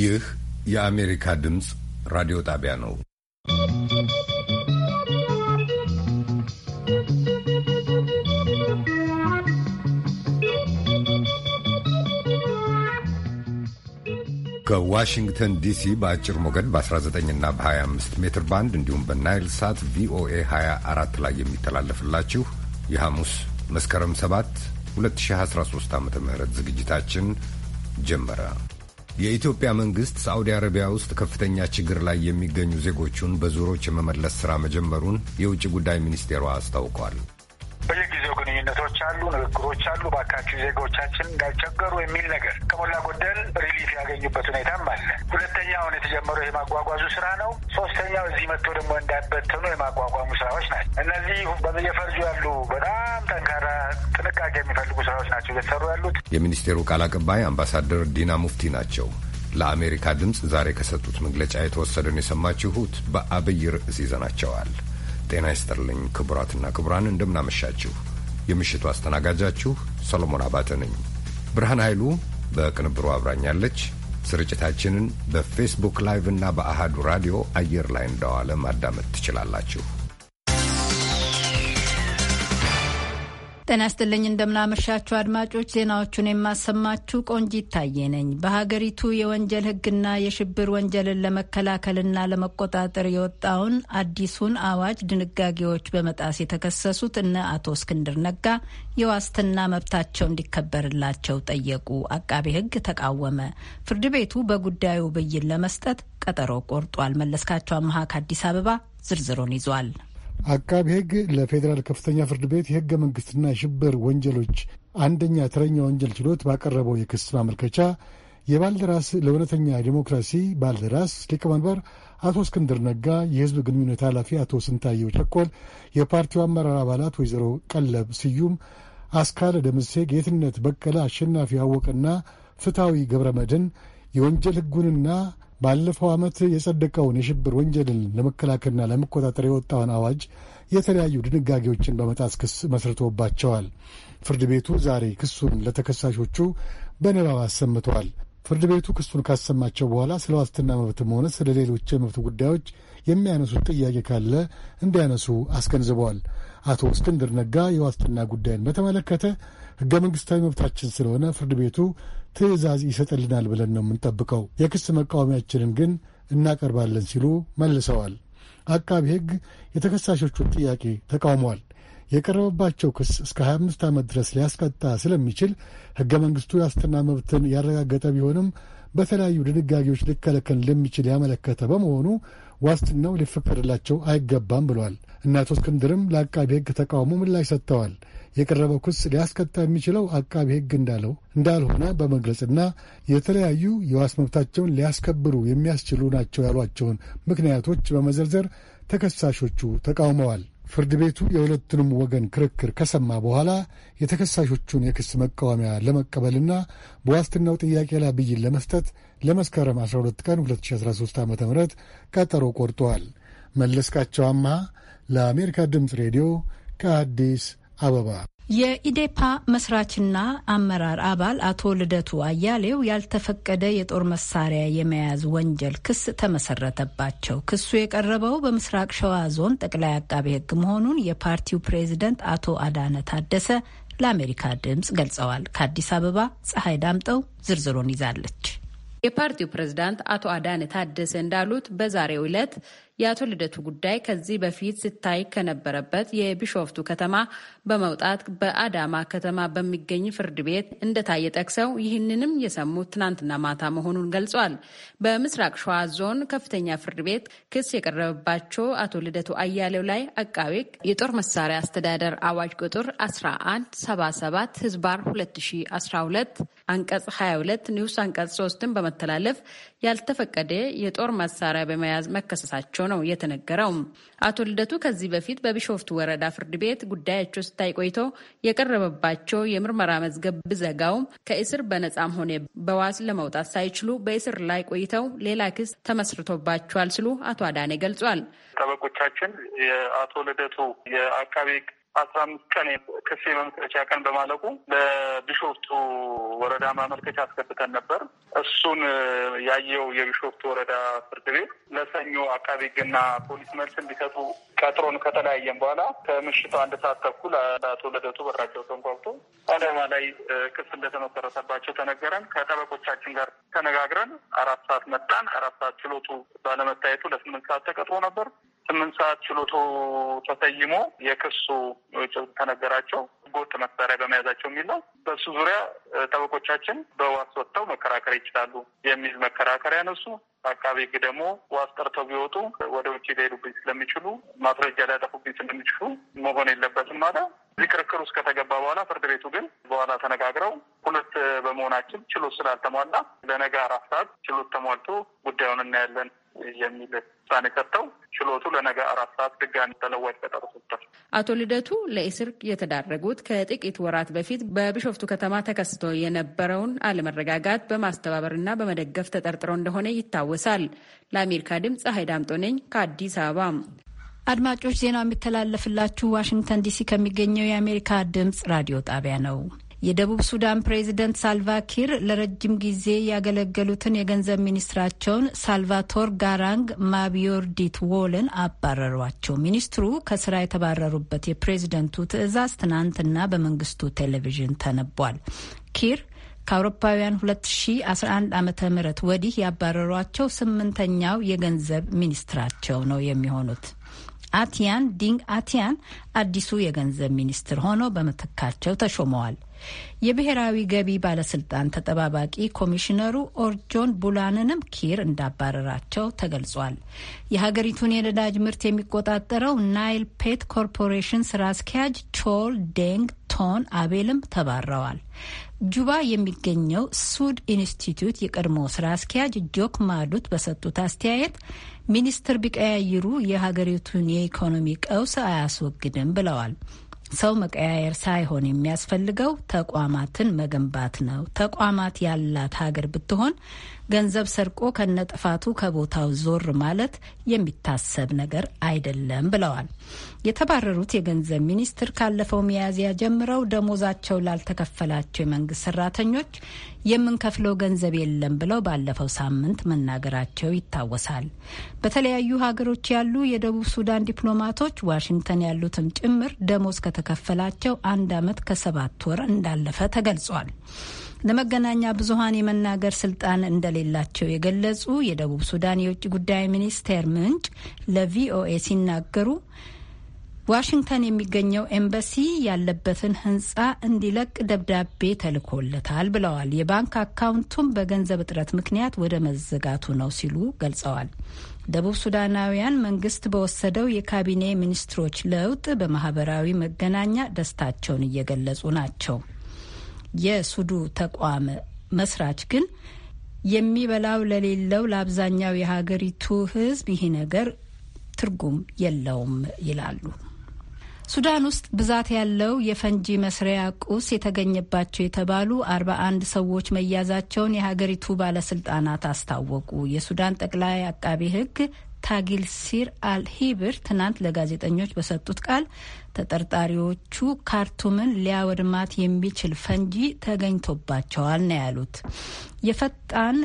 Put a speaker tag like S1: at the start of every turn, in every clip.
S1: ይህ የአሜሪካ ድምፅ ራዲዮ ጣቢያ ነው። ከዋሽንግተን ዲሲ በአጭር ሞገድ በ19 እና በ25 ሜትር ባንድ እንዲሁም በናይል ሳት ቪኦኤ 24 ላይ የሚተላለፍላችሁ የሐሙስ መስከረም 7 2013 ዓ ም ዝግጅታችን ጀመረ። የኢትዮጵያ መንግስት ሳዑዲ አረቢያ ውስጥ ከፍተኛ ችግር ላይ የሚገኙ ዜጎቹን በዙሮች የመመለስ ስራ መጀመሩን የውጭ ጉዳይ ሚኒስቴሯ አስታውቋል። ግንኙነቶች አሉ፣ ንግግሮች አሉ፣ በአካባቢው ዜጎቻችን
S2: እንዳይቸገሩ የሚል ነገር ከሞላ ጎደል ሪሊፍ ያገኙበት ሁኔታም አለ። ሁለተኛውን የተጀመረው የማጓጓዙ ስራ ነው። ሶስተኛው እዚህ መጥቶ ደግሞ እንዳይበተኑ የማቋቋሙ ስራዎች ናቸው። እነዚህ በየፈርጁ ያሉ በጣም ጠንካራ ጥንቃቄ የሚፈልጉ ስራዎች ናቸው እየተሰሩ
S1: ያሉት። የሚኒስቴሩ ቃል አቀባይ አምባሳደር ዲና ሙፍቲ ናቸው። ለአሜሪካ ድምፅ ዛሬ ከሰጡት መግለጫ የተወሰደን የሰማችሁት። በአብይ ርዕስ ይዘናቸዋል። ጤና ይስጥልኝ ክቡራትና ክቡራን እንደምናመሻችሁ የምሽቱ አስተናጋጃችሁ ሰሎሞን አባተ ነኝ። ብርሃን ኃይሉ በቅንብሩ አብራኛለች። ስርጭታችንን በፌስቡክ ላይቭ እና በአሃዱ ራዲዮ አየር ላይ እንደዋለ ማዳመጥ ትችላላችሁ።
S3: ጤና ይስጥልኝ እንደምናመሻችሁ አድማጮች፣ ዜናዎቹን የማሰማችሁ ቆንጂ ይታየ ነኝ። በሀገሪቱ የወንጀል ሕግና የሽብር ወንጀልን ለመከላከልና ለመቆጣጠር የወጣውን አዲሱን አዋጅ ድንጋጌዎች በመጣስ የተከሰሱት እነ አቶ እስክንድር ነጋ የዋስትና መብታቸው እንዲከበርላቸው ጠየቁ። አቃቤ ሕግ ተቃወመ። ፍርድ ቤቱ በጉዳዩ ብይን ለመስጠት ቀጠሮ ቆርጧል። መለስካቸው አመሀ ከአዲስ አበባ ዝርዝሩን ይዟል።
S4: አቃቢ ሕግ ለፌዴራል ከፍተኛ ፍርድ ቤት የሕገ መንግሥትና የሽብር ወንጀሎች አንደኛ ተረኛ ወንጀል ችሎት ባቀረበው የክስ ማመልከቻ የባልደራስ ለእውነተኛ ዴሞክራሲ ባልደራስ ሊቀመንበር አቶ እስክንድር ነጋ፣ የህዝብ ግንኙነት ኃላፊ አቶ ስንታየው ቸኮል፣ የፓርቲው አመራር አባላት ወይዘሮ ቀለብ ስዩም፣ አስካለ ደምሴ፣ ጌትነት በቀለ፣ አሸናፊ አወቀና ፍትሐዊ ገብረ መድን የወንጀል ሕጉንና ባለፈው ዓመት የጸደቀውን የሽብር ወንጀልን ለመከላከልና ለመቆጣጠር የወጣውን አዋጅ የተለያዩ ድንጋጌዎችን በመጣስ ክስ መስርቶባቸዋል። ፍርድ ቤቱ ዛሬ ክሱን ለተከሳሾቹ በንባብ አሰምተዋል። ፍርድ ቤቱ ክሱን ካሰማቸው በኋላ ስለ ዋስትና መብትም ሆነ ስለ ሌሎች የመብት ጉዳዮች የሚያነሱት ጥያቄ ካለ እንዲያነሱ አስገንዝበዋል። አቶ እስክንድር ነጋ የዋስትና ጉዳይን በተመለከተ ሕገ መንግሥታዊ መብታችን ስለሆነ ፍርድ ቤቱ ትዕዛዝ ይሰጥልናል ብለን ነው የምንጠብቀው። የክስ መቃወሚያችንን ግን እናቀርባለን ሲሉ መልሰዋል። አቃቢ ሕግ የተከሳሾቹን ጥያቄ ተቃውሟል። የቀረበባቸው ክስ እስከ 25 ዓመት ድረስ ሊያስቀጣ ስለሚችል ሕገ መንግሥቱ የዋስትና መብትን ያረጋገጠ ቢሆንም በተለያዩ ድንጋጌዎች ሊከለከል እንደሚችል ያመለከተ በመሆኑ ዋስትናው ሊፈቀድላቸው አይገባም ብሏል። እና አቶ እስክንድርም ለአቃቢ ሕግ ተቃውሞ ምላሽ ሰጥተዋል። የቀረበው ክስ ሊያስከታ የሚችለው አቃቢ ሕግ እንዳለው እንዳልሆነ በመግለጽና የተለያዩ የዋስ መብታቸውን ሊያስከብሩ የሚያስችሉ ናቸው ያሏቸውን ምክንያቶች በመዘርዘር ተከሳሾቹ ተቃውመዋል። ፍርድ ቤቱ የሁለቱንም ወገን ክርክር ከሰማ በኋላ የተከሳሾቹን የክስ መቃወሚያ ለመቀበልና በዋስትናው ጥያቄ ላይ ብይን ለመስጠት ለመስከረም 12 ቀን 2013 ዓ ም ቀጠሮ ቆርጠዋል። መለስካቸው አማሃ ለአሜሪካ ድምፅ ሬዲዮ ከአዲስ አበባ
S3: የኢዴፓ መስራችና አመራር አባል አቶ ልደቱ አያሌው ያልተፈቀደ የጦር መሳሪያ የመያዝ ወንጀል ክስ ተመሰረተባቸው። ክሱ የቀረበው በምስራቅ ሸዋ ዞን ጠቅላይ አቃቤ ሕግ መሆኑን የፓርቲው ፕሬዝደንት አቶ አዳነ ታደሰ ለአሜሪካ ድምፅ ገልጸዋል። ከአዲስ አበባ ፀሐይ ዳምጠው ዝርዝሩን ይዛለች።
S5: የፓርቲው ፕሬዝዳንት አቶ አዳነ ታደሰ እንዳሉት በዛሬው ዕለት የአቶ ልደቱ ጉዳይ ከዚህ በፊት ሲታይ ከነበረበት የቢሾፍቱ ከተማ በመውጣት በአዳማ ከተማ በሚገኝ ፍርድ ቤት እንደታየ ጠቅሰው ይህንንም የሰሙት ትናንትና ማታ መሆኑን ገልጿል። በምስራቅ ሸዋ ዞን ከፍተኛ ፍርድ ቤት ክስ የቀረበባቸው አቶ ልደቱ አያሌው ላይ አቃቤ የጦር መሳሪያ አስተዳደር አዋጅ ቁጥር 1177 ህዝባር 2012 አንቀጽ 22 ንዑስ አንቀጽ 3ን በመተላለፍ ያልተፈቀደ የጦር መሳሪያ በመያዝ መከሰሳቸው ነው የተነገረው። አቶ ልደቱ ከዚህ በፊት በቢሾፍቱ ወረዳ ፍርድ ቤት ጉዳያቸው ስታይ ቆይቶ የቀረበባቸው የምርመራ መዝገብ ብዘጋውም ከእስር በነጻም ሆነ በዋስ ለመውጣት ሳይችሉ በእስር ላይ ቆይተው ሌላ ክስ ተመስርቶባቸዋል ሲሉ አቶ አዳኔ ገልጿል።
S6: ጠበቆቻችን የአቶ ልደቱ የአቃቤ አስራ አምስት ቀን ክስ የመመስረቻ ቀን በማለቁ ለቢሾፍቱ ወረዳ ማመልከቻ አስገብተን ነበር። እሱን ያየው የቢሾፍቱ ወረዳ ፍርድ ቤት ለሰኞ አቃቤ ሕግና ፖሊስ መልስ እንዲሰጡ ቀጥሮን ከተለያየን በኋላ ከምሽቱ አንድ ሰዓት ተኩል አቶ ልደቱ በራቸው ተንኳኩቶ አዳማ ላይ ክስ እንደተመሰረተባቸው ተነገረን። ከጠበቆቻችን ጋር ተነጋግረን አራት ሰዓት መጣን። አራት ሰዓት ችሎቱ ባለመታየቱ ለስምንት ሰዓት ተቀጥሮ ነበር። ስምንት ሰዓት ችሎቱ ተሰይሞ የክሱ ተነገራቸው ጎት መሳሪያ በመያዛቸው የሚል ነው። በሱ ዙሪያ ጠበቆቻችን በዋስ ወጥተው መከራከር ይችላሉ የሚል መከራከሪያ ያነሱ። አቃቤ ህግ ደግሞ ዋስ ጠርተው ቢወጡ ወደ ውጭ ሊሄዱብኝ ስለሚችሉ ማስረጃ ሊያጠፉብኝ ስለሚችሉ መሆን የለበትም አለ። እዚህ ክርክር ውስጥ ከተገባ በኋላ ፍርድ ቤቱ ግን በኋላ ተነጋግረው ሁለት በመሆናችን ችሎት ስላልተሟላ ለነገ አራት ሰዓት ችሎት ተሟልቶ ጉዳዩን እናያለን የሚል ውሳኔ ሰጥተው ችሎቱ ለነገ አራት ሰዓት ድጋሚ ተለዋጭ ቀጠሮ ሰጥቷል።
S5: አቶ ልደቱ ለእስር የተዳረጉት ከጥቂት ወራት በፊት በቢሾፍቱ ከተማ ተከስቶ የነበረውን አለመረጋጋት በማስተባበርና በመደገፍ ተጠርጥረው እንደሆነ ይታወሳል። ለአሜሪካ ድምፅ ፀሐይ ዳምጦ ነኝ ከአዲስ አበባ። አድማጮች ዜናው የሚተላለፍላችሁ
S3: ዋሽንግተን ዲሲ ከሚገኘው የአሜሪካ ድምፅ ራዲዮ ጣቢያ ነው። የደቡብ ሱዳን ፕሬዚደንት ሳልቫኪር ለረጅም ጊዜ ያገለገሉትን የገንዘብ ሚኒስትራቸውን ሳልቫቶር ጋራንግ ማቢዮርዲት ዎልን አባረሯቸው። ሚኒስትሩ ከስራ የተባረሩበት የፕሬዝደንቱ ትዕዛዝ ትናንትና በመንግስቱ ቴሌቪዥን ተነቧል። ኪር ከአውሮፓውያን 2011 ዓ ምህረት ወዲህ ያባረሯቸው ስምንተኛው የገንዘብ ሚኒስትራቸው ነው የሚሆኑት። አቲያን ዲንግ አቲያን አዲሱ የገንዘብ ሚኒስትር ሆነው በምትካቸው ተሾመዋል። የብሔራዊ ገቢ ባለስልጣን ተጠባባቂ ኮሚሽነሩ ኦርጆን ቡላንንም ኪር እንዳባረራቸው ተገልጿል። የሀገሪቱን የነዳጅ ምርት የሚቆጣጠረው ናይል ፔት ኮርፖሬሽን ስራ አስኪያጅ ቾል ዴንግ ቶን አቤልም ተባረዋል። ጁባ የሚገኘው ሱድ ኢንስቲትዩት የቀድሞ ስራ አስኪያጅ ጆክ ማዱት በሰጡት አስተያየት ሚኒስትር ቢቀያይሩ የሀገሪቱን የኢኮኖሚ ቀውስ አያስወግድም ብለዋል። ሰው መቀያየር ሳይሆን የሚያስፈልገው ተቋማትን መገንባት ነው። ተቋማት ያላት ሀገር ብትሆን ገንዘብ ሰርቆ ከነጥፋቱ ከቦታው ዞር ማለት የሚታሰብ ነገር አይደለም ብለዋል። የተባረሩት የገንዘብ ሚኒስትር ካለፈው ሚያዝያ ጀምረው ደሞዛቸው ላልተከፈላቸው የመንግስት ሰራተኞች የምንከፍለው ገንዘብ የለም ብለው ባለፈው ሳምንት መናገራቸው ይታወሳል። በተለያዩ ሀገሮች ያሉ የደቡብ ሱዳን ዲፕሎማቶች ዋሽንግተን ያሉትም ጭምር ደሞዝ ከተከፈላቸው አንድ አመት ከሰባት ወር እንዳለፈ ተገልጿል። ለመገናኛ ብዙሀን የመናገር ስልጣን እንደሌላቸው የገለጹ የደቡብ ሱዳን የውጭ ጉዳይ ሚኒስቴር ምንጭ ለቪኦኤ ሲናገሩ ዋሽንግተን የሚገኘው ኤምባሲ ያለበትን ህንጻ እንዲለቅ ደብዳቤ ተልኮለታል ብለዋል። የባንክ አካውንቱም በገንዘብ እጥረት ምክንያት ወደ መዘጋቱ ነው ሲሉ ገልጸዋል። ደቡብ ሱዳናውያን መንግስት በወሰደው የካቢኔ ሚኒስትሮች ለውጥ በማህበራዊ መገናኛ ደስታቸውን እየገለጹ ናቸው። የሱዱ ተቋም መስራች ግን የሚበላው ለሌለው ለአብዛኛው የሀገሪቱ ሕዝብ ይህ ነገር ትርጉም የለውም ይላሉ። ሱዳን ውስጥ ብዛት ያለው የፈንጂ መስሪያ ቁስ የተገኘባቸው የተባሉ አርባ አንድ ሰዎች መያዛቸውን የሀገሪቱ ባለስልጣናት አስታወቁ። የሱዳን ጠቅላይ አቃቤ ሕግ ታጊል ሲር አልሂብር ትናንት ለጋዜጠኞች በሰጡት ቃል ተጠርጣሪዎቹ ካርቱምን ሊያወድማት የሚችል ፈንጂ ተገኝቶባቸዋል ነው ያሉት። የፈጣን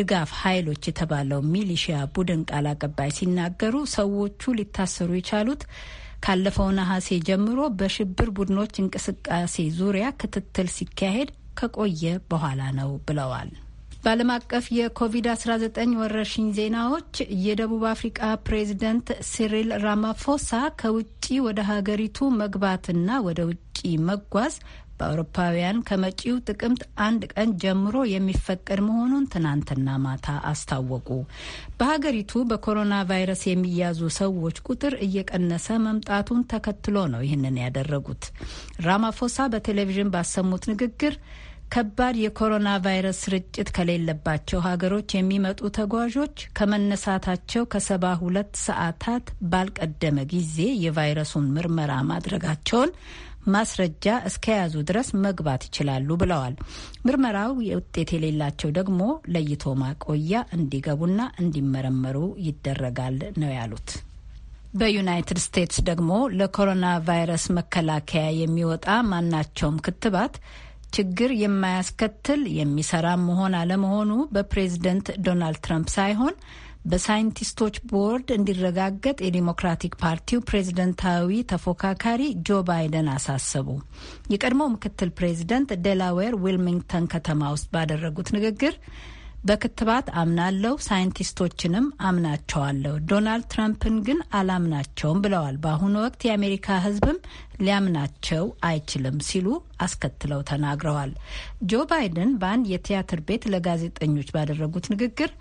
S3: ድጋፍ ኃይሎች የተባለው ሚሊሺያ ቡድን ቃል አቀባይ ሲናገሩ ሰዎቹ ሊታሰሩ የቻሉት ካለፈው ነሐሴ ጀምሮ በሽብር ቡድኖች እንቅስቃሴ ዙሪያ ክትትል ሲካሄድ ከቆየ በኋላ ነው ብለዋል። በዓለም አቀፍ የኮቪድ-19 ወረርሽኝ ዜናዎች የደቡብ አፍሪቃ ፕሬዚደንት ሲሪል ራማፎሳ ከውጭ ወደ ሀገሪቱ መግባትና ወደ ውጭ መጓዝ በአውሮፓውያን ከመጪው ጥቅምት አንድ ቀን ጀምሮ የሚፈቀድ መሆኑን ትናንትና ማታ አስታወቁ። በሀገሪቱ በኮሮና ቫይረስ የሚያዙ ሰዎች ቁጥር እየቀነሰ መምጣቱን ተከትሎ ነው ይህንን ያደረጉት። ራማፎሳ በቴሌቪዥን ባሰሙት ንግግር ከባድ የኮሮና ቫይረስ ስርጭት ከሌለባቸው ሀገሮች የሚመጡ ተጓዦች ከመነሳታቸው ከሰባ ሁለት ሰዓታት ባልቀደመ ጊዜ የቫይረሱን ምርመራ ማድረጋቸውን ማስረጃ እስከያዙ ድረስ መግባት ይችላሉ ብለዋል። ምርመራው ውጤት የሌላቸው ደግሞ ለይቶ ማቆያ እንዲገቡና እንዲመረመሩ ይደረጋል ነው ያሉት። በዩናይትድ ስቴትስ ደግሞ ለኮሮና ቫይረስ መከላከያ የሚወጣ ማናቸውም ክትባት ችግር የማያስከትል የሚሰራ መሆን አለመሆኑ በፕሬዝደንት ዶናልድ ትራምፕ ሳይሆን በሳይንቲስቶች ቦርድ እንዲረጋገጥ የዲሞክራቲክ ፓርቲው ፕሬዝደንታዊ ተፎካካሪ ጆ ባይደን አሳሰቡ። የቀድሞው ምክትል ፕሬዝደንት ዴላዌር ዊልሚንግተን ከተማ ውስጥ ባደረጉት ንግግር በክትባት አምናለሁ፣ ሳይንቲስቶችንም አምናቸዋለሁ። ዶናልድ ትራምፕን ግን አላምናቸውም ብለዋል። በአሁኑ ወቅት የአሜሪካ ሕዝብም ሊያምናቸው አይችልም ሲሉ አስከትለው ተናግረዋል። ጆ ባይደን በአንድ የቲያትር ቤት ለጋዜጠኞች ባደረጉት ንግግር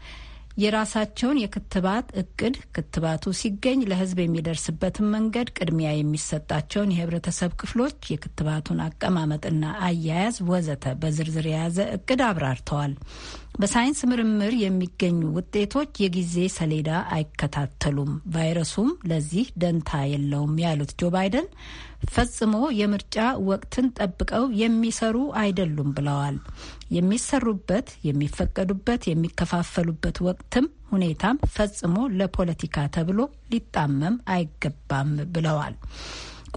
S3: የራሳቸውን የክትባት እቅድ ክትባቱ ሲገኝ ለህዝብ የሚደርስበትን መንገድ፣ ቅድሚያ የሚሰጣቸውን የህብረተሰብ ክፍሎች፣ የክትባቱን አቀማመጥና አያያዝ ወዘተ በዝርዝር የያዘ እቅድ አብራርተዋል። በሳይንስ ምርምር የሚገኙ ውጤቶች የጊዜ ሰሌዳ አይከታተሉም፣ ቫይረሱም ለዚህ ደንታ የለውም ያሉት ጆ ባይደን ፈጽሞ የምርጫ ወቅትን ጠብቀው የሚሰሩ አይደሉም ብለዋል። የሚሰሩበት፣ የሚፈቀዱበት፣ የሚከፋፈሉበት ወቅትም ሁኔታም ፈጽሞ ለፖለቲካ ተብሎ ሊጣመም አይገባም ብለዋል።